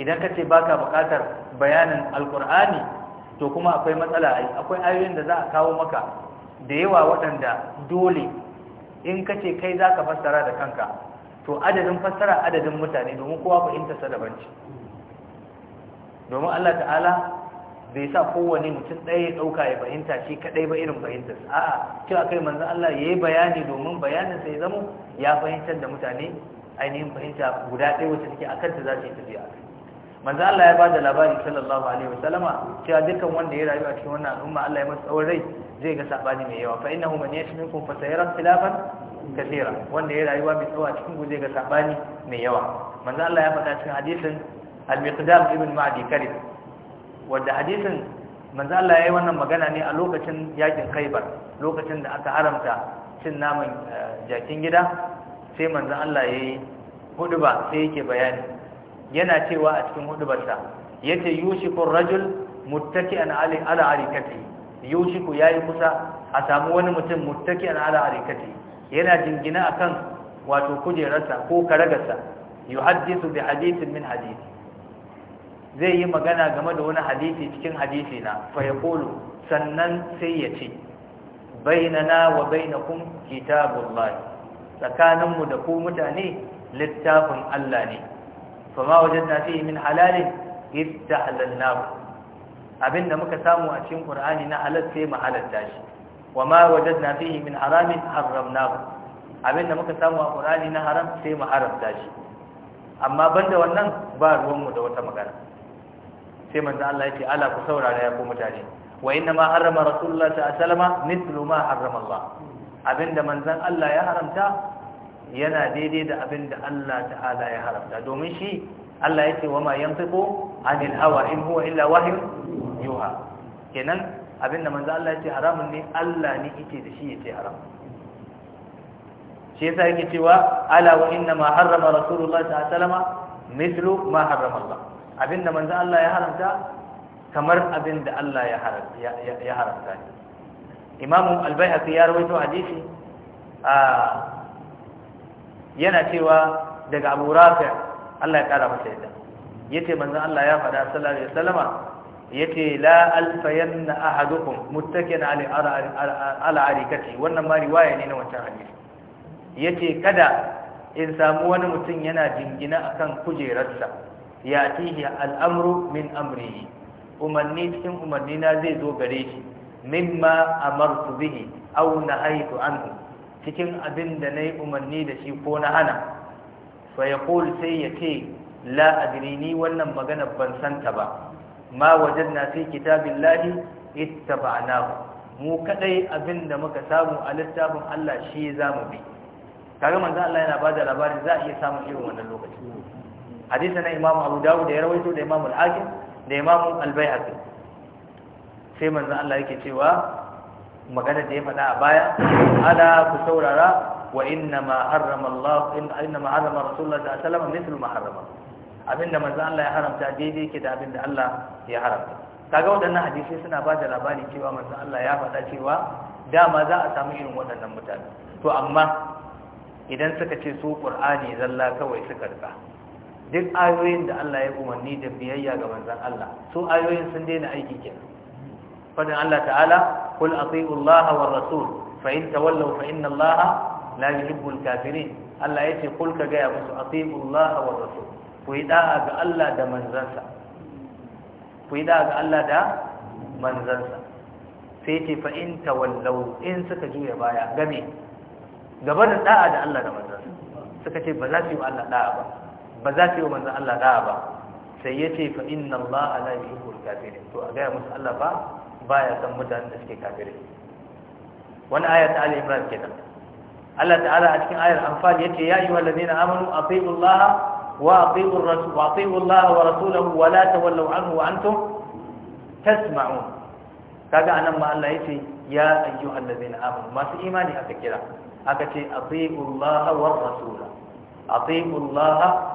idan ka ce baka bukatar bayanin alqur'ani to kuma akwai matsala ai akwai ayoyin da za a kawo maka da yawa waɗanda dole in ka ce kai zaka fassara da kanka to adadin fassara adadin mutane domin kowa fahimta sa daban ce domin Allah ta'ala bai sa kowane mutum ɗaya ya ɗauka ya fahimta shi kaɗai ba irin fahimtar a'a cewa kai manzan Allah ya yi bayani domin bayanin sai zamo ya fahimtar da mutane ainihin fahimta guda ɗaya wacce take a kanta za su yi tafiya manzan Allah ya ba da labari sallallahu alaihi wa sallama cewa dukkan wanda ya rayu a cikin wannan al'umma Allah ya masa tsawon rai zai ga saɓani mai yawa fa ina innahu man yashmikum fa sayara khilafan kaseera wanda ya rayuwa mai tsawa cikin ku zai ga saɓani mai yawa manzan Allah ya faɗa cikin hadisin al-miqdam ibn ma'di karim wanda hadisin manzo Allah yayi wannan magana ne a lokacin yakin Khaibar lokacin da aka haramta cin naman eh, jakin gida sai manzo Allah yayi huduba sai yake bayani yana cewa a cikin hudubarsa yace yushiku rajul muttaki'an ala ala arikati yushiku yayi kusa a samu wani mutum muttaki'an ala arikati yana jingina akan wato kujerarsa ko karagarsa yuhaddisu bi hadithin min hadithi zai yi magana game da wani hadisi cikin hadisi na fayaqulu sannan sai ya ce bainana wa bainakum kitabullah tsakaninmu da ku mutane littafin Allah ne fama wajadna fihi min halalin ita istahlalnahu abinda muka samu a cikin Qur'ani na halar sai mu halalta shi wama wajadna fihi min haramin harramnahu abinda muka samu a Qur'ani na haram sai mu haramta shi amma banda wannan ba ruwanmu da wata magana sai manzo Allah ya ala ku saurara ya ku mutane wa inna ma harrama rasulullah sallallahu alaihi wasallam mithlu ma harrama Allah abinda manzon Allah ya haramta yana daidai da abinda Allah ta'ala ya haramta domin shi Allah ya ce wa ma yantiqu anil hawa in huwa illa wahyu yuha kenan abinda manzo Allah ya ce haramun ne Allah ne yake da shi yace haram shi yasa yake cewa ala wa inna ma harrama rasulullah sallallahu alaihi mithlu ma harrama Allah abinda manzo Allah ya haramta kamar abinda Allah ya haramta ya haramta Imam Al-Baihaqi ya rawaito hadisi yana cewa daga Abu Rafi Allah ya kara masa yadda yace manzo Allah ya faɗa sallallahu alaihi wasallama yace la alfayanna ahadukum muttakin ala ala arikati wannan ma riwaya ne na wancan hadisi yace kada in samu wani mutum yana jingina akan kujerarsa yatihi al'amru min amrihi umarni cikin umarni na zai zo gare shi a amartu bihi na nahaytu anhu cikin abin da nayi umarni da shi ko na hana fa yaqul sai ya la adri ni wannan magana ban santa ba ma wajadna ita kitabillahi ittaba'nahu mu kadai abin da muka samu a littafin Allah shi zamu bi kaga manzo Allah yana bada labari za a iya samun irin wannan lokaci hadisi na imam abu dawud da ya rawaito da imamu al-hakim da imamu al-baihaqi sai manzon Allah yake cewa magana da ya faɗa a baya ala ku saurara wa inna ma harrama Allah inna harrama rasulullah sallallahu alaihi wasallam mithlu ma harrama abinda manzon Allah ya haramta daidai yake da abinda Allah ya haramta kaga waɗannan hadisi suna ba da labari cewa manzon Allah ya faɗa cewa dama za a samu irin waɗannan mutane to amma idan suka ce su qur'ani zalla kawai suka rika duk ayoyin da Allah ya umarni da biyayya ga manzon Allah su ayoyin sun daina aiki kenan fadin Allah ta'ala kul atiiu Allah wa rasul fa in tawallaw fa inna Allah la yuhibbul kafirin Allah yace kul ka ga ya musu atiiu Allah wa rasul ku yi da'a ga Allah da manzansa ku yi da'a ga Allah da manzansa sai ce fa in tawallaw in suka juya baya game gaba da da'a da Allah da manzansa suka ce ba za su yi wa Allah da'a ba ba za ta yi wa manzan Allah da'a ba sai ya ce fa inna Allah ala yuhibbul kafirin to a gaya musu Allah ba baya san mutanen da suke kafirai wani aya ta Ali Imran kenan Allah ta'ala a cikin ayar Anfal yace ya ayyuhal ladina amanu atiiullaha wa atiiur rasul wa atiiullaha wa rasulahu wa la tawallu anhu wa antum tasma'un kaga anan ma Allah yace ya ayyuhal ladina amanu masu imani aka kira aka ce atiiullaha wa rasulahu atiiullaha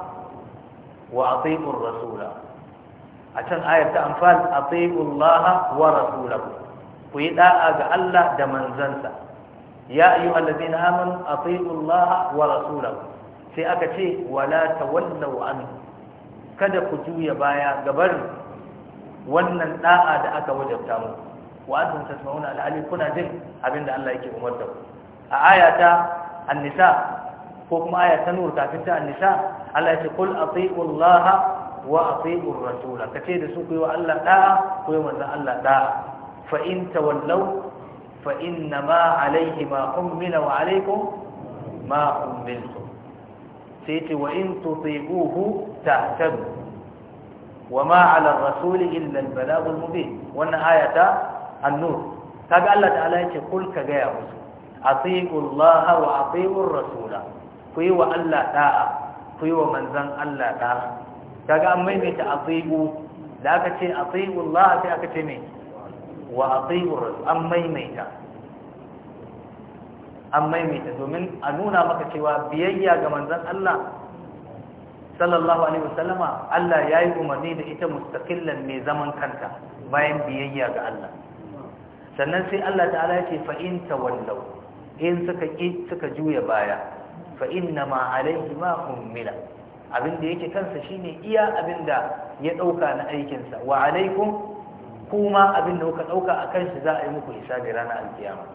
wa atiqur rasula a can ayar ta anfal atiqullaha wa rasulahu ku yi da'a ga Allah da manzansa ya ayyuhallazina amanu atiqullaha wa rasulahu sai aka ce wala tawallaw anhu kada ku juya baya gabar wannan da'a da aka wajabta mu wa antum tasma'una al-ali kuna jin abinda Allah yake umarta ku a ayata an-nisa ko kuma aya ta nur kafin ta annisa Allah ya ce kul ati'u Allah wa ati'u ar-rasul kace da su ku yi wa Allah da'a ku yi manzon Allah da'a fa in tawallaw fa inna ma alayhi ma ummila wa alaykum ma ummiltum sai ce wa in tuti'uhu tahtadu wa ma 'ala ar-rasul illa al-balagh al-mubin wannan ayata ta an-nur kaga Allah ta'ala ya ce kul ka ga ya musu ati'u Allah wa ati'u ar-rasul ku yi wa Allah ɗa'a, ku yi wa manzan Allah da'a ga an maimaita atiyu da aka ce atiyu Allah sai aka ce me wa atiyu an maimaita an maimaita domin a nuna maka cewa biyayya ga manzan Allah sallallahu alaihi wasallama Allah ya yi umarni da ita mustaqillan mai zaman kanta bayan biyayya ga Allah sannan sai Allah ta'ala ya ce fa in tawallaw in suka ki suka juya baya fa inna ma alaihi ma ummila abin da yake kansa shine iya abin da ya dauka na aikinsa wa alaikum kuma abin da kuka dauka a kanshi za a yi muku hisabi rana alkiyama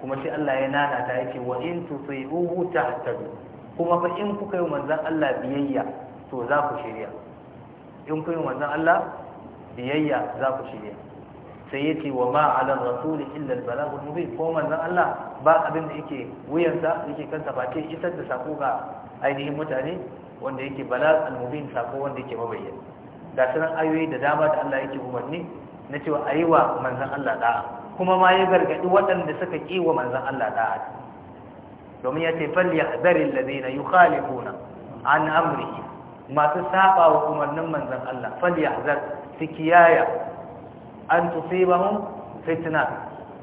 kuma sai Allah ya nana ta yake wa in tusibuhu tahtadu kuma fa in kuka yi manzon Allah biyayya to za ku shirya in kuka yi manzon Allah biyayya za ku shirya sai yace wa ma ala rasul illa al-balagh al-mubin ko manzon Allah ba abin da yake wuyansa yake kansa ba ce isar da sako ga ainihin mutane wanda yake balagh al-mubin sako wanda yake mabayyana ga sanan ayoyi da dama da Allah yake umarni na cewa wa manzon Allah da'a kuma ma ya gargadi waɗanda suka ki wa manzon Allah da'a domin ya ce falyahdharil ladina yukhalifuna an amrihi masu saba wa umarnin manzon Allah falyahzar su kiyaya an tusibahum fitna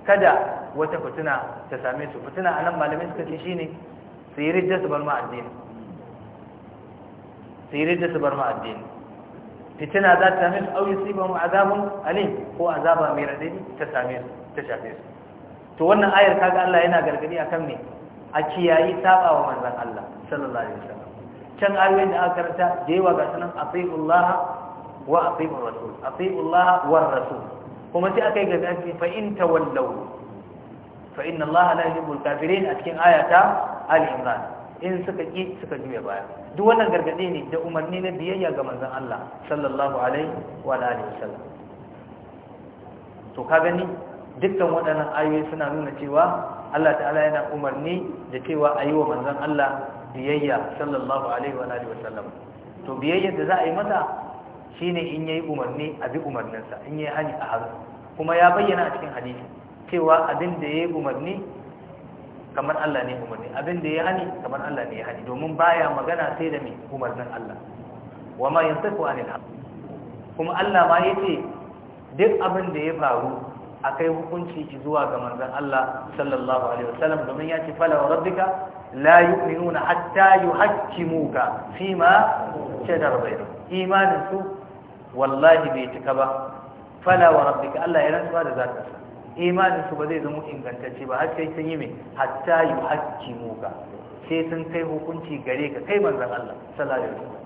kada wata fitna ta same su Fitna anan malamin suka ce shine su yi ridda su bar ma addini su yi ridda bar ma addini fitina za ta same su au yusibahum azabun alim ko azaba mai radadi ta same su ta shafe su to wannan ayar kaga Allah yana gargadi akan me a kiyayi saba wa manzon Allah sallallahu alaihi wasallam can ayoyin da aka karanta da yawa ga sunan atiullaha wa atiur rasul atiullaha war rasul kuma sai aka yi gaza ce fa in tawallau fa inna allaha la yuhibbul kafirin a cikin ayata ali imran in suka ki suka juya baya duk wannan gargade ne da umarni na biyayya ga manzon Allah sallallahu alaihi wa alihi wasallam to ka gani dukkan waɗannan ayoyi suna nuna cewa Allah ta'ala yana umarni da cewa a yi wa manzon Allah biyayya sallallahu alaihi wa alihi wasallam to biyayya da za a yi masa. shine in yayi umarni a bi umarninsa in yayi hani a hannu kuma ya bayyana a cikin hadisi cewa abin da yayi umarni kamar Allah ne umarni abin da yayi hani kamar Allah ne ya hani domin baya magana sai da mai umarnin Allah wama yantaku anil haq kuma Allah ma yace duk abin da ya faru akai hukunci zuwa ga manzon Allah sallallahu alaihi wasallam domin ya ce fala rabbika la yu'minuna hatta yuhaqqimuka fima shadar bainahum imanin su wallahi bai cika ba fala wa rabbika Allah ya rantsa da zaka imanin su ba zai zama ingantacce ba har sai sun yi mai hatta yuhaqqimuka sai sun kai hukunci gare ka kai manzon Allah sallallahu alaihi wasallam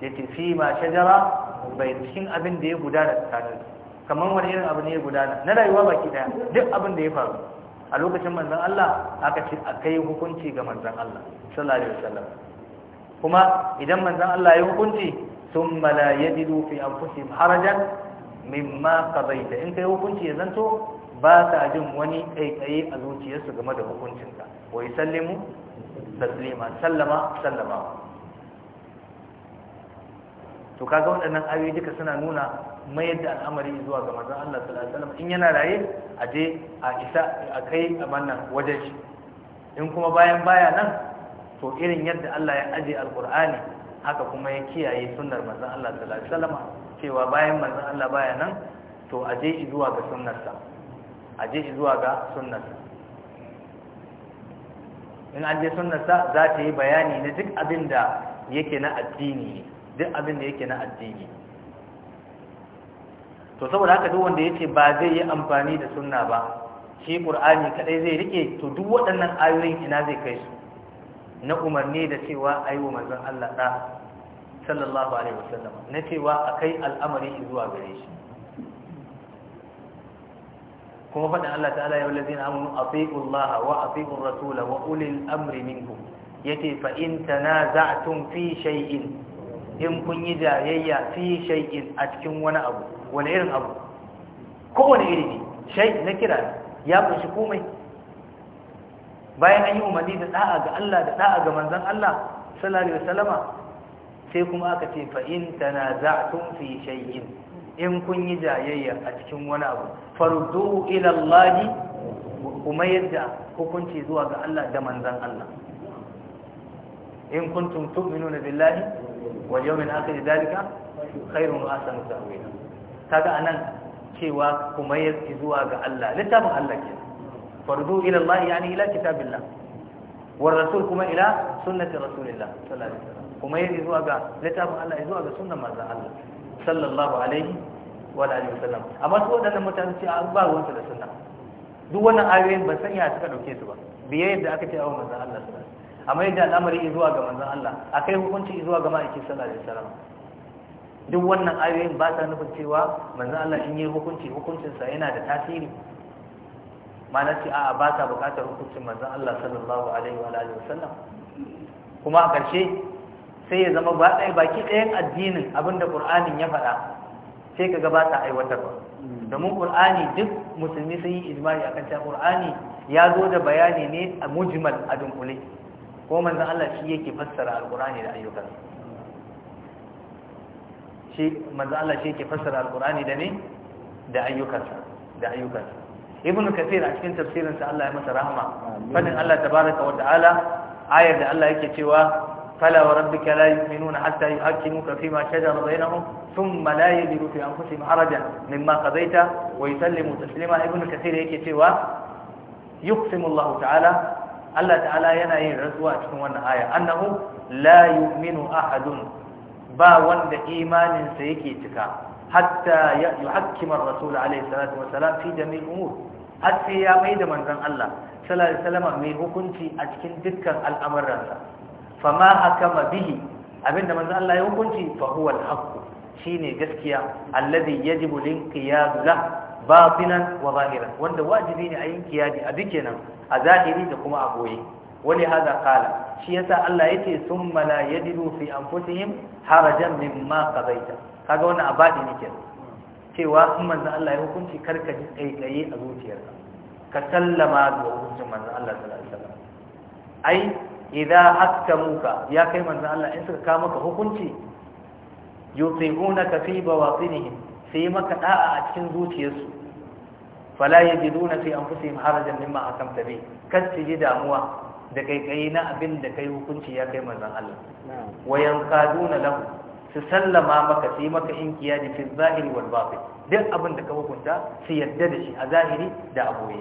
yace fi ma shajara bai cikin abin da ya gudana tsakanin kamar wani irin abu ne ya gudana na rayuwa baki daya duk abin da ya faru a lokacin manzon Allah aka ce a kai hukunci ga manzon Allah sallallahu alaihi wasallam kuma idan manzon Allah ya hukunci thumma la yajidu fi anfusihim harajan mimma qadaita in kai hukunci ya zanto ba sa jin wani kaikayi a zuciyarsu game da hukuncinka wa sallimu taslima sallama sallama to kaga waɗannan ayoyi duka suna nuna mayar da al'amari zuwa ga manzon Allah sallallahu alaihi wasallam in yana raye a je a isa a kai a wannan wajen shi in kuma bayan baya nan to irin yadda Allah ya aje alqur'ani haka kuma ya kiyaye sunnar manzon Allah sallallahu alaihi wasallam cewa bayan manzon Allah baya nan to a je zuwa ga sunnarsa a je zuwa ga sunnarsa in an je sunnarsa za ta yi bayani na duk abin da yake na addini duk abin da yake na addini to saboda haka duk wanda yace ba zai yi amfani da sunna ba shi qur'ani kadai zai rike to duk waɗannan ayoyin ina zai kai su na umarni da cewa a yi wa manzon Allah ɗa sallallahu alaihi wasallam na cewa a kai al'amari shi zuwa gare shi kuma faɗin Allah ta'ala ya wallazi na amunu Allah wa afi'un rasula wa ulil amri minkum yace fa in tanaza'tum fi shay'in in kun yi jayayya fi shay'in a cikin wani abu wani irin abu kowane iri ne shay na kira ya kunshi komai bayan an yi umarni da da'a ga Allah da da'a ga manzon Allah sallallahu alaihi wasallama sai kuma aka ce fa in tanaza'tum fi shay'in in kun yi jayayya a cikin wani abu farudduhu ila Allah kuma yadda hukunci zuwa ga Allah da manzon Allah in kuntum tu'minuna billahi wal yawmil akhir dalika khairun wa ahsanu ta'wila kaga anan cewa kuma yadda zuwa ga Allah littafin Allah kenan fardu ila Allah ni ila kitabillah wa rasul kuma ila sunnati rasulillah sallallahu alaihi wasallam kuma yayi zuwa ga littafin Allah zuwa ga sunnar manzon Allah sallallahu alaihi wa alihi wasallam amma su wadannan mutane ce an ba wanda da sunna duk wannan ayoyin ban san ya suka dauke su ba biye yadda aka ce a manzon Allah sallallahu amma yadda al'amari zuwa ga manzon Allah akai hukunci zuwa ga ma'aikin sallallahu alaihi wasallam duk wannan ayoyin ba ta nufin cewa manzon Allah in yi hukunci hukuncinsa yana da tasiri ma'ana ce a'a ba ta bukatar hukuncin manzon Allah sallallahu alaihi wa alihi wasallam kuma a ƙarshe sai ya zama ba ɗaya baki ɗayan addinin abinda Qur'anin ya faɗa sai kaga ba ta aiwatarwa domin Qur'ani duk musulmi sun yi ijma'i akan cewa Qur'ani ya zo da bayani ne a mujmal a dunkule ko manzon Allah shi yake fassara Alƙurani da ayyukansa shi manzon Allah shi yake fassara Alƙurani da ne da ayyukansa da ayyukansa ibnu kathir a cikin tafsirin sa Allah ya masa rahama fadin Allah tabaaraka wa ta'ala ayar da Allah yake cewa fala wa rabbika la yu'minuna hatta yu'akkimuka fima shajara bainahum thumma la yajidu fi anfusihim harajan mimma qadaita wa yusallimu taslima ibnu kathir yake cewa yuqsimu Allah ta'ala Allah ta'ala yana yin rasuwa a cikin wannan aya annahu la yu'minu ahadun ba wanda imaninsa yake cika hatta yuhakkima ar-rasul alaihi salatu wa fi jami' al-umur har ya mai da manzon Allah sallallahu mai hukunci a cikin dukkan al'amuransa fama hakama bihi abinda manzon Allah ya hukunci fa huwa al-haqq shine gaskiya alladhi yajibu linqiyadu lahu batinan wa zahiran wanda wajibi ne a yi kiyadi a dukkanin a zahiri da kuma a goye wani haza kala shi yasa Allah yake summa la yadiru fi anfusihim harajan mimma qadaita kaga wannan abadi nake cewa in manzo Allah ya hukunci karka ji kaikaye a zuciyarka ka sallama ga hukuncin manzo Allah sallallahu alaihi wasallam ai idza hakamuka ya kai manzo Allah in suka kawo maka hukunci yuti'unaka fi bawatinihim sai maka da'a a cikin zuciyarsu fala yajiduna fi anfusihim harajan mimma akamta bi kas ji damuwa da kai-kai na abin da kai hukunci ya kai manzon Allah wa yanqaduna lahu su sallama maka sai maka inkiya da fil zahiri wal batin duk abin da ka hukunta su yadda da shi a zahiri da a boye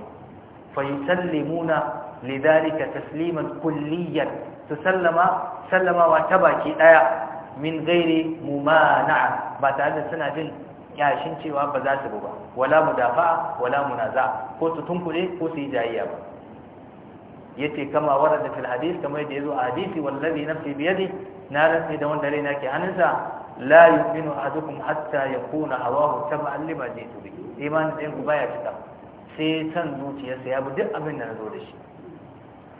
fa yusallimuna lidhalika tasliman kulliyan su sallama sallamawa ta baki daya min gairi mumana'a ba tare da suna jin yashin cewa ba za su ba wala mudafa wala munaza ko su tunkule ko su yi jayayya ba yace kama warada fil hadith kamar yadda zo a hadisi wallazi nafsi bi yadi na rantsi da wanda raina ke hannunsa la yu'minu ahadukum hatta yakuna hawahu tab'an lima jitu bi iman din ku baya fita sai san zuciyarsa ya bi duk abin da nazo da shi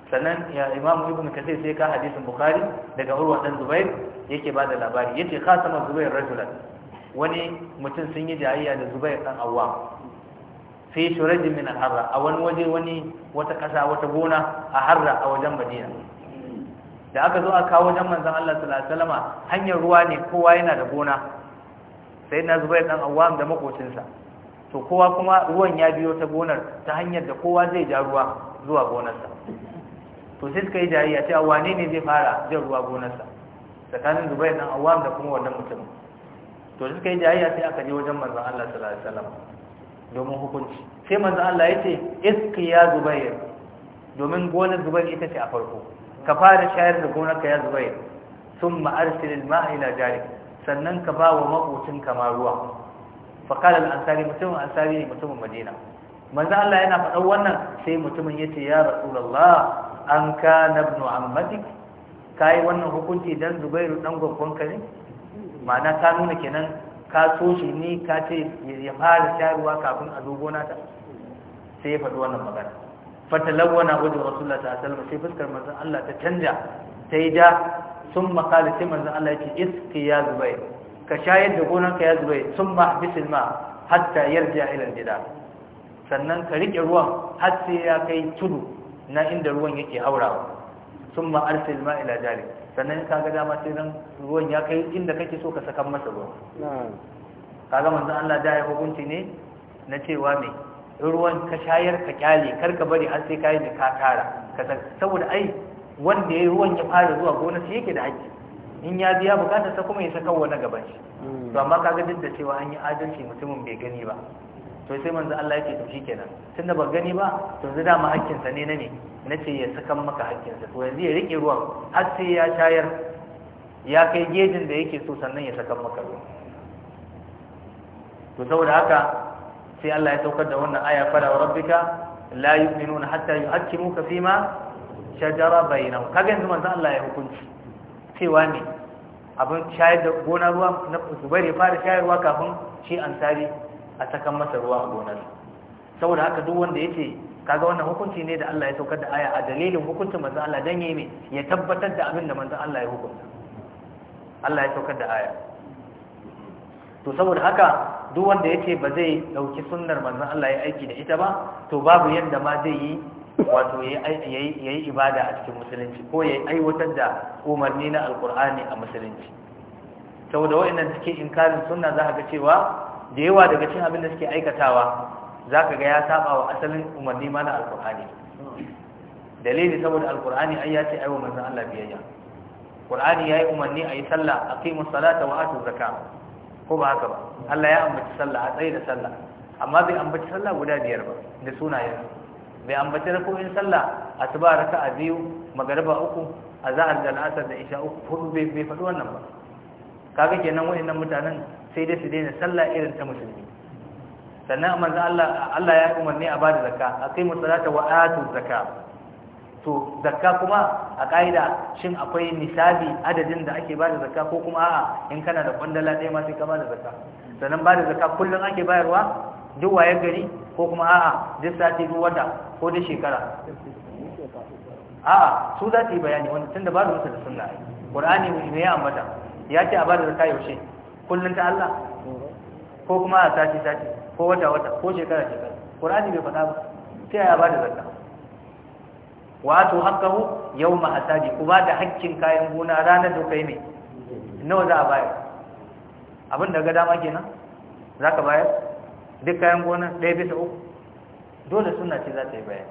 sannan ya imam ibnu kathir sai ka hadisin bukhari daga urwa dan zubair yake bada labari yace khasama zubair rajulan wani mutum sun yi jayayya da zubair dan awwam fi shurajin min harra a wani waje wani wata kasa wata gona a harra a wajen madina da aka zo a kawo wajen manzon Allah sallallahu alaihi wasallama hanyar ruwa ne kowa yana da gona sai na zubair dan awam da sa to kowa kuma ruwan ya biyo ta gonar ta hanyar da kowa zai ja ruwa zuwa gonarsa to sai suka yi jariya cewa wane ne zai fara jan ruwa gonarsa tsakanin zubair dan awam da kuma wannan mutumin to suka yi jariya sai aka je wajen manzon Allah sallallahu alaihi wasallama domin hukunci sai manzo Allah yace iska ya zubair domin gonar zubair ita ce a farko ka fara shayar da gonar ka ya zubair thumma arsil al-ma'a ila jarik sannan ka ba wa makocin kama ruwa fa qala al-ansari mutumin ansari ne mutumin madina manzo Allah yana faɗan wannan sai mutumin yace ya rasulullah an kana ibn ammatik kai wannan hukunci dan zubairu dan gwaggon ka ne ma'ana ta nuna kenan ka so shi ne ka ce ya fara sharuwa kafin a zo gona ta sai ya faɗi wannan magana na wajen rasulullah ta salama sai fuskar manzon Allah ta canja ta yi da sun makala sai manzon Allah ya ce iski ya zubai ka shayar da gonarka ya zubai sun ma bisil ma hatta yarja ila gida sannan ka rike ruwan har sai ya kai tudu na inda ruwan yake haurawa sun ma arsil ma ila jari sannan ka ga dama sai nan ruwan ya kai inda kake so ka saka masa ka ga manzan Allah da ya hukunci ne na cewa me ruwan ka shayar ka kyale kar ka bari har sai kayi da ka tara saboda ai wanda ya ruwan ya fara zuwa gona sai yake da haƙƙi in ya biya bukatarsa kuma ya saka wani gaban shi hmm. to amma kaga duk da cewa an yi adalci mutumin bai gani ba to sai manzo Allah yake to shikenan tunda ba gani ba to da ma hakkin sa ne na ne nace ya sakan maka hakkin sa to yanzu ya rike ruwan har sai ya shayar ya kai gejin da yake so sannan ya sakan maka ruwan to saboda haka sai Allah ya saukar da wannan aya fara rabbika la yu'minuna hatta yu'akkimuka fima shajara bainahum kaga yanzu manzo Allah ya hukunci cewa ne abin shayar da gona ruwa na zubairu ya fara shayarwa kafin shi ansari a sakan masa ruwa a gonar saboda haka duk wanda yace kaga wannan hukunci ne da Allah ya saukar da aya a dalilin hukuncin manzo Allah dan yayi ne ya tabbatar da abin da manzo Allah ya hukunta Allah ya saukar da aya to saboda haka duk wanda yace ba zai dauki sunnar manzo Allah ya aiki da ita ba to babu yanda ma zai yi wato ya yi ibada a cikin musulunci ko ya aiwatar da umarni na alkur'ani a musulunci saboda wa'annan suke inkarin sunna za ga cewa da yawa daga cin abin da suke aikatawa za ka ga ya saba wa asalin umarni ma na alkur'ani dalili saboda alkur'ani ai ya ce aiwa manzo Allah biyayya qur'ani yayi umarni ayi sallah aqimus salata wa atu zakat ko ba haka ba Allah ya ambaci sallah a tsaye da sallah amma bai ambaci sallah guda biyar ba da sunayen bai ambaci rakoyin sallah asuba raka'a biyu magariba uku azhar da asar da isha uku hudu bai faɗi wannan ba kaga kenan wayannan mutanen sai dai su daina sallah irin ta musulmi sannan manzo Allah Allah ya umarni a bada zakka kai salata wa atu zakka to zakka kuma a kaida shin akwai nisabi adadin da ake bada zakka ko kuma a'a in kana da kwandala ɗaya ma sai ka bada zakka sannan bada zakka kullun ake bayarwa duk waye gari ko kuma a'a duk sati duk wata ko duk shekara a'a su za su yi bayani wanda tunda ba da musu da sunna Qur'ani ne ya ambata ya ce a bada zaka yaushe kullun ta Allah ko kuma a sati sati ko wata wata ko shekara shekara Qur'ani bai faɗa ba sai ya bada zakka wa atu haqqahu yawma hasadi ku ba da haƙƙin kayan gona ranar da kai ne nawa za a bayar abin da ga dama kenan zaka bayar duk kayan gona ɗaya bisa uku dole suna ce za ta yi bayar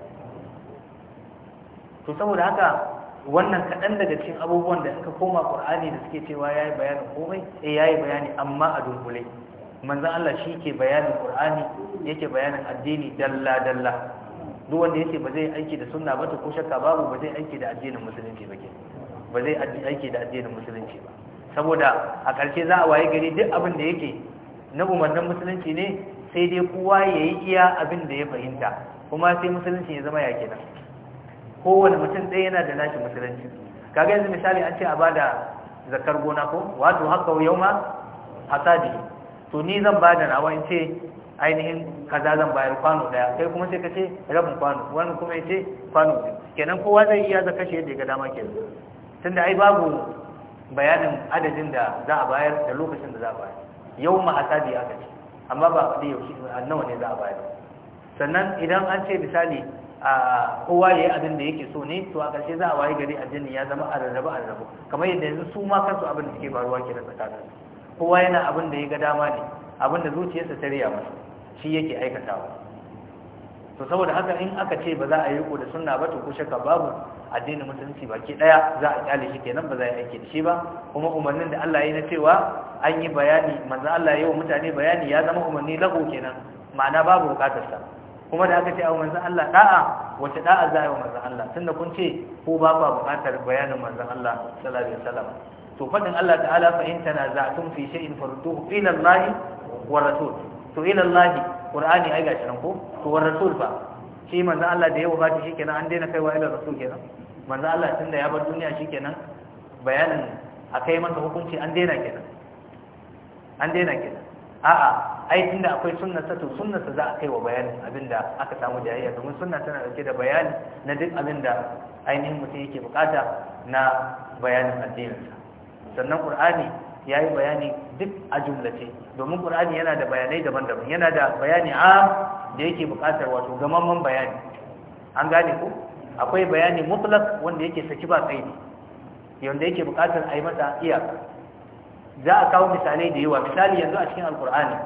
to saboda haka wannan kaɗan daga cikin abubuwan da suka koma ƙur'ani da suke cewa ya yi bayanin komai sai eh, ya yi bayani amma a dunkule manzan Allah shi ke bayanin ƙur'ani yake bayanin addini dalla-dalla duk wanda yake ba zai aiki da sunna ba ta ko shakka babu ba zai aiki da addinin musulunci ba ke ba zai aiki da addinin musulunci ba saboda a ƙarshe za a waye gari duk abin da yake na umarnin musulunci ne sai dai kowa ya yi iya abin da ya fahimta kuma sai musulunci ya zama ya kenan kowane mutum ɗaya yana da nashi musulunci kaga yanzu misali an ce a bada zakar gona ko wato haka yau ma hasadi to ni zan bada nawa in ce ainihin kaza zan bayar kwano daya kai kuma sai ka ce rabin kwano wani kuma ya ce kwano biyu kenan kowa zai iya zaka shi yadda ya ga dama kenan tunda ai babu bayanin adadin da za a bayar da lokacin da za a bayar yau ma hasadi aka ce amma ba a faɗi yaushe nawa ne za a bayar sannan idan an ce misali a kowa ya yi abin da yake so ne to a ƙarshe za a waye gari addini ya zama a rarrabu a rarrabu kamar yadda yanzu su ma kansu abin da suke faruwa ke da tsakanin kowa yana abin da ya ga dama ne abin da zuciyarsa ta riya masa shi yake aikatawa to saboda haka in aka ce ba za a yi ko da sunna ba to ko shakka babu addinin musulunci baki daya za a kyale shi kenan ba za a yi aiki da shi ba kuma umarnin da Allah ya yi na cewa an yi bayani manzo Allah ya yi wa mutane bayani ya zama umarni lagu kenan ma'ana babu bukatar sa kuma da aka ce abu manzan Allah da'a wace da'a za a yi wa manzan Allah tunda kun ce ko ba ba buƙatar bayanin manzan Allah sallallahu alaihi wasallam to fadin Allah ta'ala fa in tun fi shay'in farudduhu ila Allah wa rasul to ila Allah qur'ani ai ga nan ko to wa rasul fa shi manzan Allah da ya wabata shikenan an daina kaiwa ila rasul kenan manzan Allah tunda ya bar duniya shikenan bayanin akai masa hukunci an daina kenan an daina kenan a'a ai tunda akwai ta to sunnata za a kai wa bayanin abinda aka samu jayayya domin sunna tana dauke da bayani na duk abinda ainihin mutum yake bukata na bayanin addininsa sannan qur'ani ya yi bayani duk a jumlace domin qur'ani yana da bayanai daban-daban yana da bayani a da yake bukatar wato gamamman bayani an gane ko akwai bayani mutlak wanda yake saki ba kai ne yanda yake bukatar a yi masa iyaka za a kawo misalai da yawa misali yanzu a cikin alkur'ani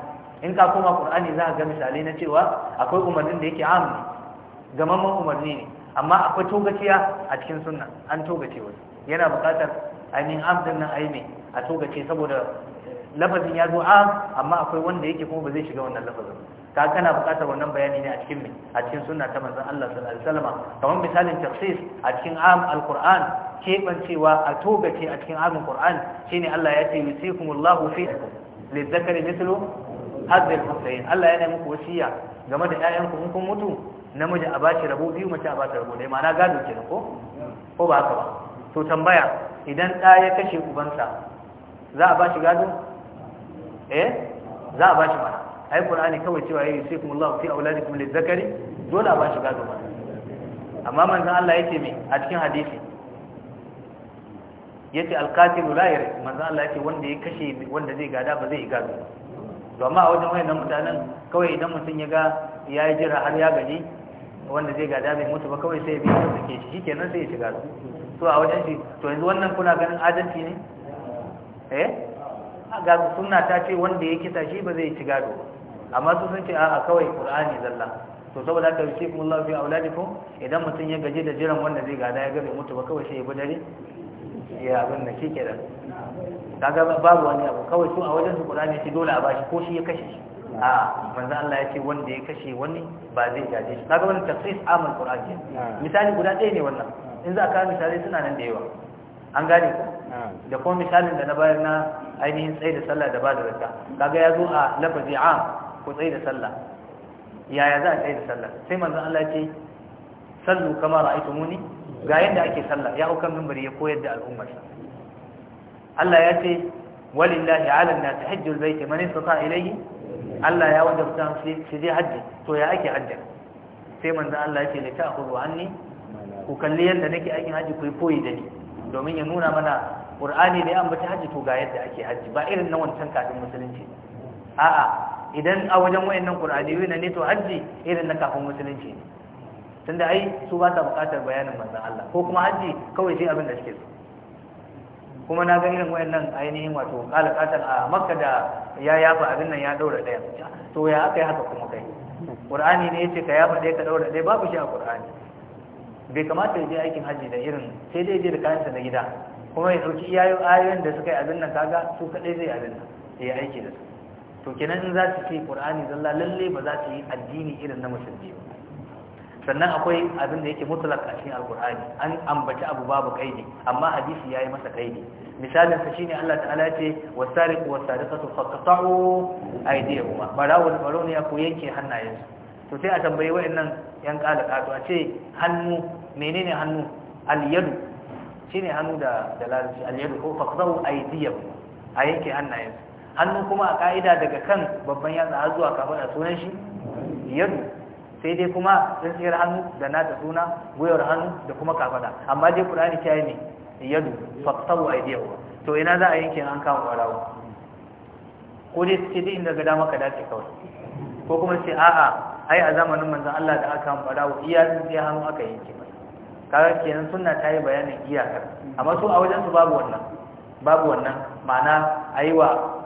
in ka koma alkur'ani za a ga misalai na cewa akwai umarnin da yake ga gamamman umarni ne amma akwai togaciya a cikin sunna an togace wani yana buƙatar ainihin amdin nan aime a togace saboda lafazin ya zo am amma akwai wanda yake kuma ba zai shiga wannan lafazin ka kana buƙatar wannan bayani ne a cikin me a cikin sunna ta manzon Allah sallallahu alaihi wasallam kamar misalin tafsir a cikin am alquran kebancewa a togace a cikin amin qur'an ne Allah ya ce yusikumullahu fi lidzakari mithlu hadd al-husayn Allah yana muku wasiya game da ƴaƴanku in kun mutu namiji a bashi rabo biyu mace a bashi rabo dai ma'ana gado kenan ko ko ba haka ba to tambaya idan ɗa ya kashe ubansa za a bashi gado eh za a bashi mana ai qur'ani kawai cewa yayi saykum Allah fi auladikum lizakari dole ba shi gado ba amma manzon Allah yake me a cikin hadisi yace alqatilu la yare manzon Allah yake wanda ya kashe wanda zai gada ba zai gado to amma a wajen wayannan mutanen kawai idan mutun ya ga ya yi jira har ya gaji wanda zai gada bai mutu ba kawai sai ya biya da ke shi kenan sai ya shiga su to a wajen shi to yanzu wannan kuna ganin adalci ne eh ga sunna ta ce wanda ya kita shi ba zai shiga do amma su sun ce a'a kawai qur'ani zalla to saboda ka yake kuma Allah fi auladikum idan mutum ya gaji da jiran wanda zai gada ya gabe mutu ba kawai sai ya bi dare ya abin da shi kenan kaga babu wani abu kawai su a wajen su qur'ani shi dole a bashi ko shi ya kashe shi a manzo Allah ya ce wanda ya kashe wani ba zai gaje shi kaga wannan tafsir amal qur'ani misali guda ɗaya ne wannan in za ka misali suna nan da yawa an gane ku da kuma misalin da na bayar na ainihin tsaye da sallah da ba da zakka kaga ya zo a lafazi am ku tsaye da sallah yaya za a tsaye da sallah sai manzon Allah ce sallu kama ra'aytumuni ga yadda ake sallah ya aukan minbari ya koyar da al'ummarsa Allah ya ce walillahi 'ala an-nasi hajjul bayti man istata ilayhi Allah ya wanda mutum su je hajji to ya ake hajji sai manzon Allah ya ce la ta'khudhu anni ku kalli yadda nake aikin hajji ku koyi da ni domin ya nuna mana Qur'ani da ya ambata hajji to ga yadda ake hajji ba irin na wancan kafin musulunci a'a idan a wajen wayannan qur'aniyu ne to hajji irin na kafin musulunci ne tunda ai su ba ta buƙatar bayanin manzon Allah ko kuma hajji kawai sai abin da suke so kuma na ga irin wayannan ainihin wato kala katal a makka da ya yafa abin nan ya daura daya to ya aka yi haka kuma kai qur'ani ne yace ka yafa dai ka daura dai babu shi a qur'ani bai kamata ya je aikin haji da irin sai dai je da kayansa na gida kuma ya dauki iyayo ayoyin da suka yi abin nan kaga su kadai zai abin nan ya aiki da su to kenan in za su ce qur'ani zalla lalle ba za su yi addini irin na musulmi ba sannan akwai abin da yake mutlaq a cikin alqur'ani an ambaci abu babu kaidi amma hadisi yayi masa kaidi misalin sa shine Allah ta'ala ce wasariqu wasariqatu faqta'u aydihuma barawul barone ya ko yanke hannayensu to sai a tambaye wayannan yan kala to a ce hannu menene hannu al-yadu shine hannu da dalalci larabci al-yadu ko faqta'u aydihuma a yanke hannayensu hannu kuma a ka'ida daga kan babban yatsa har zuwa kafin a sunan shi yadu sai dai kuma tsirtsiyar hannu da nata suna gwiwar hannu da kuma kafada amma dai kurani ta yi ne yadu idiyar wa to ina za a yanke an kama kwarawo ko dai suke dai inda gada maka dace kawai ko kuma sai a'a ai a zamanin manzan Allah da aka ambara rawo, iya tsaye hannu aka yanke ba kaga kenan suna ta yi bayanin iyakar amma su a wajen su babu wannan babu wannan ma'ana wa.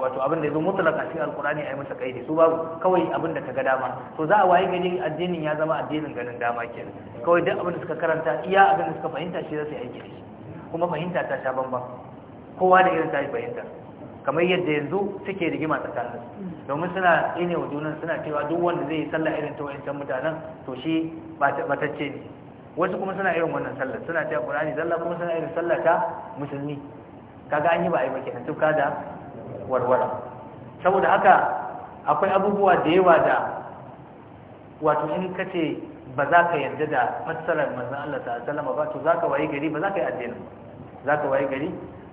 wato abin da ya zo mutlaka shi alkurani a yi masa kaidi su babu kawai abin da ta ga dama to za a waye gani addinin ya zama addinin ganin dama kenan kawai duk abin da suka karanta iya abin da suka fahimta shi za su yi aiki shi kuma fahimta ta sha bambam kowa da irin ta fahimta kamar yadda yanzu suke rigima tsakanin domin suna ine wa junan suna cewa duk wanda zai yi sallah irin ta wayancan mutanen to shi batacce ne wasu kuma suna irin wannan sallah suna cewa qur'ani zalla kuma suna irin sallah ta musulmi kaga an yi ba a yi ba kenan tuka da warwara saboda haka akwai abubuwa da yawa da wato in ka ce ba za ka yarda da matsalar manzan Allah ta sallama ba to za ka waye gari ba za ka yi addini ba za ka waye gari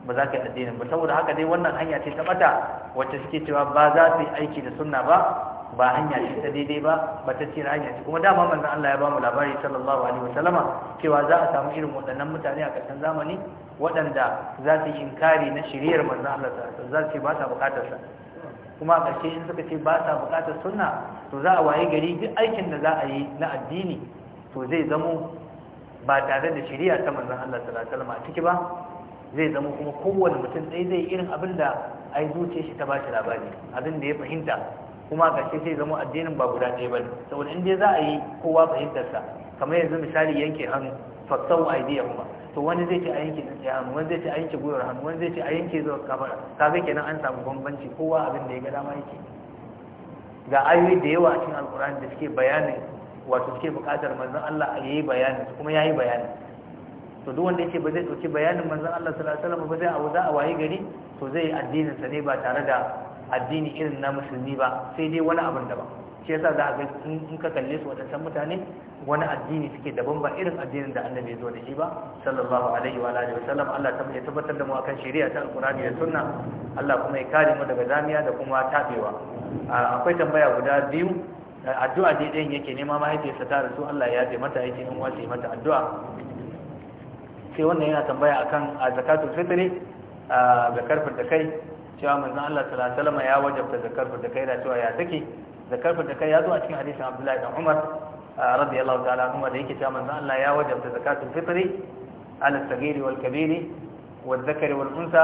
ba za ka yi addini ba saboda haka dai wannan hanya ce ta bata wacce suke cewa ba za su yi aiki da sunna ba ba hanya ce ta daidai ba ba ta ce hanya ce kuma dama manzon Allah ya bamu labari sallallahu alaihi sallama cewa za a samu irin waɗannan mutane a ƙarshen zamani waɗanda za su yi inkari na shiriyar manzan Allah sallallahu za su ce ba sa buƙatar sa kuma a ƙarshe in suka ce ba sa bukatar suna to za a waye gari duk aikin da za a yi na addini to zai zamo ba tare da shiriya ta manzan Allah sallallahu alaihi a ciki ba zai zamo kuma kowane mutum ɗaya zai irin abin da ai zuciya shi ta bashi labari abin da ya fahimta kuma ƙarshe zai zama addinin ba guda ɗaya ba ne saboda in dai za a yi kowa fahimtarsa kamar yanzu misali yanke hannu fassau aidiya kuma to wani zai ce a yanke tsinci hannu wani zai ce a yanke gwiwar hannu wani zai ce a yanke zuwa kabara kaga kenan an samu bambanci kowa abin da ya ga dama yake ga ayoyi da yawa a cikin alkur'ani da suke bayanin wato suke bukatar manzon Allah ya yi bayanin kuma ya yi bayanin to duk wanda yake ba zai dauki bayanin manzon Allah sallallahu alaihi wasallam ba zai auza za a waye gari to zai addinin sa ne ba tare da addini irin na musulmi ba sai dai wani abin daban shi yasa za a ga in ka kalle su wadannan mutane wani addini suke daban ba irin addinin da annabi ya zo da shi ba sallallahu alaihi wa alihi wasallam Allah ta ya tabbatar da mu akan shari'a ta alqur'ani da sunna Allah kuma ya kare mu daga zamiya da kuma tabewa akwai tambaya guda biyu addu'a dai ɗayan yake nema mahaifiyarsa ta rasu Allah ya yafe mata yake in wace mata addu'a sai wannan yana tambaya akan zakatul fitri zakar da kai cewa manzon Allah sallallahu alaihi wasallam ya wajabta zakar da kai da cewa ya take zakar fita kai ya zo a cikin hadisin abdullahi dan umar radiyallahu ta'ala anhu da yake cewa manzon Allah ya wajabta zakatul fitri ala sagiri wal kabiri wal zakari wal unsa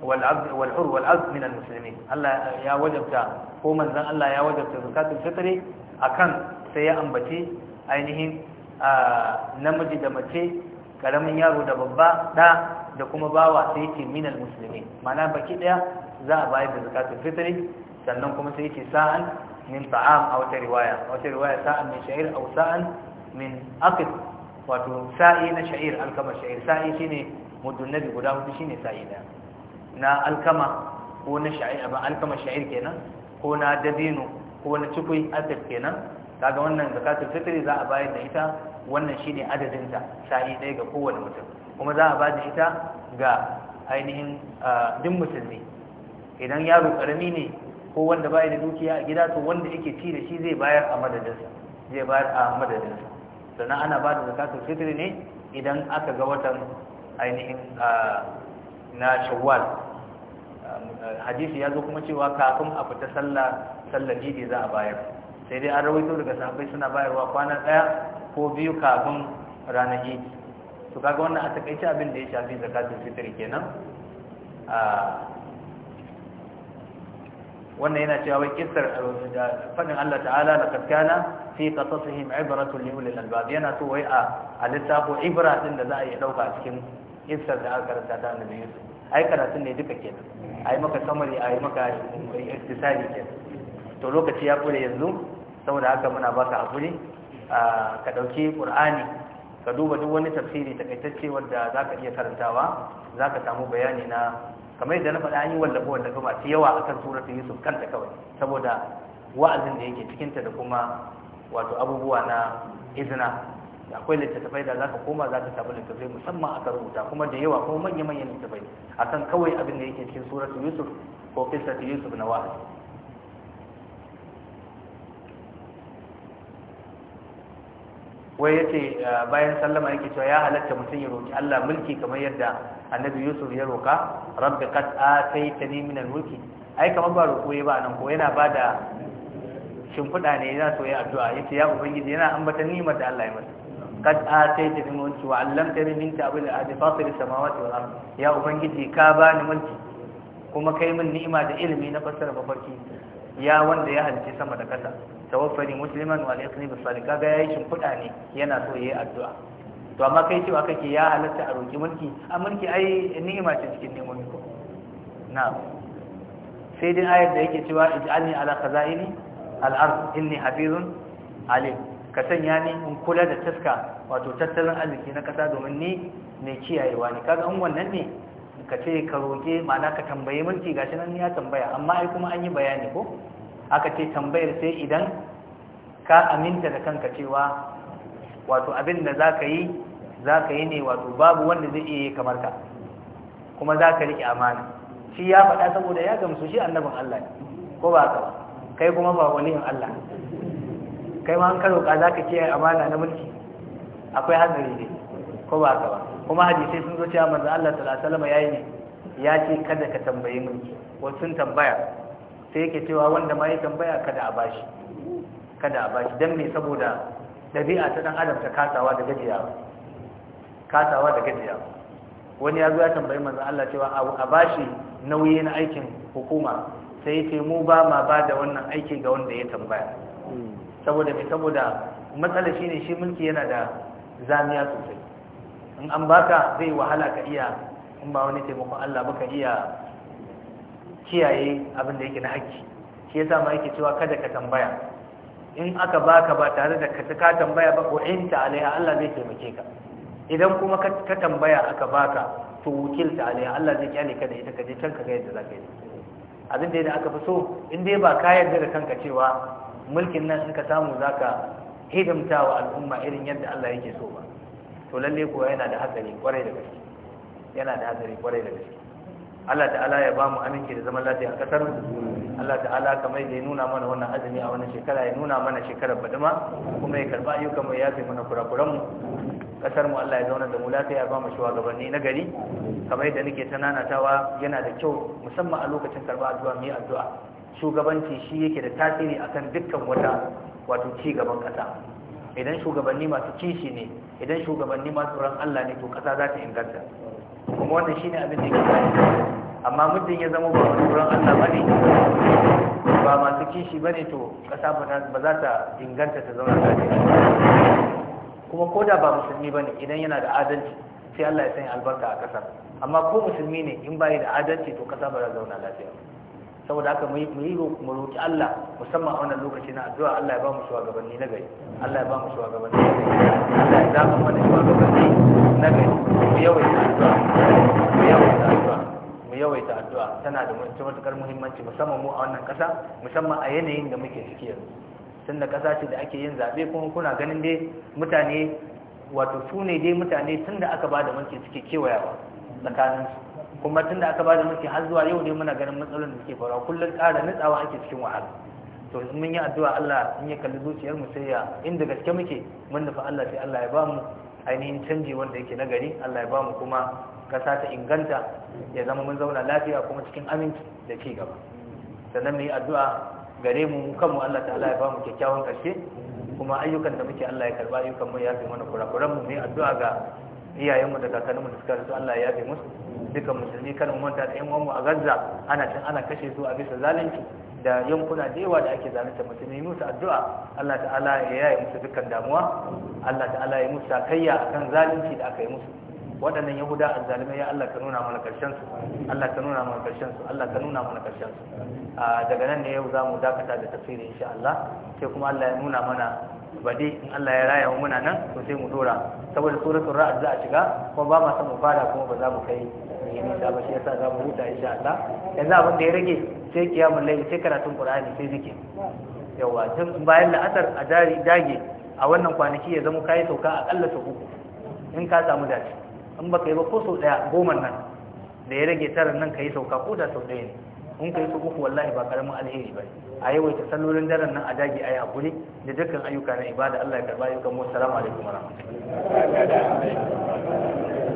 wal abd wal hur wal azd min al muslimin Allah ya wajabta ko manzon Allah ya wajabta zakatul fitri akan sai ya ambaci ainihin namiji da mace karamin yaro da babba da da kuma bawa sai ce minal musulmi mana baki daya za a bayar da zakatul fitri sannan kuma sai yake sa'an min ta'am a wata riwaya a wata riwaya sa'an min sha'ir aw sa'an min aqd wato sa'i na sha'ir alkama sha'ir sa'i shine mudun nabi guda hudu shine sa'i daya na alkama ko na sha'ir ba alkama sha'ir kenan ko na dabino ko na cikui asir kenan kaga wannan zakatul fitri za a bayar da ita wannan shine adadin ta sa'i ɗaya ga kowane mutum kuma za a ba da ita ga ainihin mutum ah, musulmi idan yaro karami ne ko wanda baya da dukiya a gida to wanda yake ci da shi zai bayar a madadinsa zai bayar a madadinsa sannan ana ba da zakatul fitri ne idan aka ga watan ainihin na shawwal hadisi ya zo kuma cewa kafin a fita sallah sallar idi za a bayar sai dai an rawaito daga sahabbai suna bayarwa kwana daya ko biyu kafin ranar idi to kaga wannan a takaice abin da ya shafi zakatul fitri kenan wannan yana cewa wai kissar da fadin Allah ta'ala la kaskana fi qasasihim ibratun li ulil albab yana so wai a alittafo ibra din da za a yi dauka a cikin kissar da aka karanta ta annabi Yusuf ai karatun ne duka kenan ai maka samari ai maka iktisadi kenan to lokaci ya kure yanzu saboda haka muna baka hakuri ka dauki qur'ani ka duba duk wani tafsiri takaitacce wanda zaka iya karantawa zaka samu bayani na kamar yadda na faɗa an yi wallafa wallafa masu yawa akan suratul yusuf kanta kawai saboda wa'azin da yake cikinta da kuma wato abubuwa na izina akwai littattafai da za ka koma za ka samu littattafai musamman aka rubuta kuma da yawa kuma manya-manyan littattafai kan kawai abin da yake cikin suratul yusuf ko ta yusuf na wa'azi wai ce bayan sallama yake cewa ya halatta mutum ya roki Allah mulki kamar yadda annabi yusuf ya roka rabbi qad ataitani min al-mulki ai kamar ba roƙo ba nan ko yana ba da shimfiɗa ne yana so ya addu'a yace ya ubangiji yana ambata ni'imar da Allah ya masa qad ataitani min mulki wa 'allamtani min ta'wil al-ahadi fatir as-samawati wal ard ya ubangiji ka bani mulki kuma kai min ni'ima da ilimi na fassara mafarki ya wanda ya halice sama da kasa tawaffani musliman wa alaiqni bis salihin kaga yayi shimfiɗa ne yana so yayi addu'a to amma kai cewa kake ya halatta a roƙi mulki a mulki ai ni'ima ce cikin nemomi ko na'am sai dai ayar da yake cewa ij'alni ala khaza'ini al-ard inni hafizun alim ka sanya ni in kula da taska wato tattalin arziki na kasa domin ni mai kiyayewa ne kaga an wannan ne ka ce ka roƙe, ma'ana ka tambaye mulki gashi nan ya tambaya amma ai kuma an yi bayani ko aka ce tambayar sai idan ka aminta da kanka cewa wato abin da za ka yi za ka yi ne wato babu wanda zai iya yi kamar ka kuma za ka riƙe amana shi ya faɗa saboda ya gamsu shi annabin Allah ne ko ba ka kai kuma ba wani in Allah kai ma an karo ka za ka kiyaye amana na mulki akwai hanzari ne ko ba ka ba kuma hadisai sun zo cewa manzo Allah sallallahu alaihi wasallam yayi ne ya ce kada ka tambaye mulki wasu sun tambaya sai yake cewa wanda ma ya tambaya kada a bashi kada a bashi dan me saboda dabi'a ta ɗan adam ta kasawa da gajiyawa kasawa da gajiyawa wani ya zo ya tambayi manzon Allah cewa a bashi nauyi na aikin hukuma sai ce mu ba ma ba da wannan aiki ga wanda ya tambaya saboda mai saboda matsala shine shi mulki yana da zamiya sosai in an baka zai wahala ka iya in ba wani taimakon Allah baka iya kiyaye abin da yake na haƙƙi shi yasa ma yake cewa kada ka tambaya in aka baka ba tare da ka tambaya ba ko inta alaiha Allah zai taimake ka idan kuma ka tambaya aka baka to wukilta alaiha Allah zai kyale ka da ita ka je can ka ga yadda zaka yi abin da aka fi so in dai ba ka yarda da kanka cewa mulkin nan in ka samu zaka hidimta wa al'umma irin yadda Allah yake so ba to lalle kuwa yana da hatsari kwarai da gaske yana da hadari kwarai da gaske Allah ta'ala ya ba mu aminci da zaman lafiya a kasar Allah ta'ala kamar da ya nuna mana wannan azumi a wannan shekara ya nuna mana shekarar baduma kuma ya karba ayyukan mu ya fi mana kurakuran mu kasar mu Allah ya zauna da mu lafiya ya ba mu shugabanni na gari kamar da nake ta yana da kyau musamman a lokacin karba addu'a mu yi addu'a shugabanci shi yake da tasiri akan dukkan wata wato ci gaban kasa idan shugabanni masu kishi ne idan shugabanni masu ran Allah ne to kasa za ta inganta kuma wannan shine abin da yake bayani amma muddin ya zama ba wani wurin Allah bane ba masu kishi bane to kasa ba za ta inganta ta zauna lafiya kuma ko da ba musulmi bane idan yana da adalci sai Allah ya sanya albarka a kasar amma ko musulmi ne in bai da adalci to kasa ba za ta zauna lafiya saboda haka mu yi mu roki Allah musamman a wannan lokaci na addu'a Allah ya ba mu shugabanni na gari Allah ya ba mu shugabanni na gari Allah ya zama mana addu'a tana da matuƙar muhimmanci musamman mu a wannan ƙasa, musamman a yanayin da muke ciki yanzu tunda ƙasa ce da ake yin zaɓe kuma kuna ganin dai mutane wato su ne dai mutane tunda aka ba da mulki suke kewayawa tsakanin su kuma tunda aka ba da mulki har zuwa yau ne muna ganin matsalolin da suke faruwa kullum ƙara nutsawa ake cikin wahala to in mun yi addu'a Allah in ya kalli zuciyar mu sai ya inda gaske muke mun nufa Allah sai Allah ya ba mu ainihin canji wanda yake nagari Allah ya ba mu kuma ƙasa ta inganta ya zama mun zauna lafiya kuma cikin aminci da ci gaba sannan mu yi addu'a gare mu kanmu Allah ta'ala ya ba mu kyakkyawan karshe kuma ayyukan da muke Allah ya karba ayyukan mu ya fi mana kurakuran mu mu yi addu'a ga iyayen mu da kakannin mu da suka rasu Allah ya yafe musu dukan musulmi kan mu manta da yan mu a Gaza ana can ana kashe su a bisa zalunci da yankuna da yawa da ake zalunta musulmi musu addu'a Allah ta'ala ya yaye musu dukkan damuwa Allah ta'ala ya musu a akan zalunci da aka yi musu waɗannan yahuda a zalimai ya Allah ka nuna mana karshen su Allah ka nuna mana karshen su Allah ka nuna mana karshen su daga nan ne yau za mu dakata da tafsiri insha Allah sai kuma Allah ya nuna mana bade in Allah ya raya muna nan to sai mu dora saboda suratul ra'd za a shiga kuma ba ma san mu fara kuma ba za mu kai yi da ba shi yasa za mu huta insha Allah yanzu abin da ya rage sai kiyamul layl sai karatun Qur'ani sai zikir yawa tun bayan la'asar a dage a wannan kwanaki ya zama kai sauka akalla sau uku in ka samu dace in baka yi ba ko sau ɗaya goma nan da ya rage taran nan ka yi sauka ko da sau ɗaya ne in ka yi su uku wallahi ba karamin alheri ba a yawaita sallolin daren nan a dage a yi hakuri da dukkan ayyuka na ibada Allah ya karɓa ayyukan mu salama alaikum warahmatullahi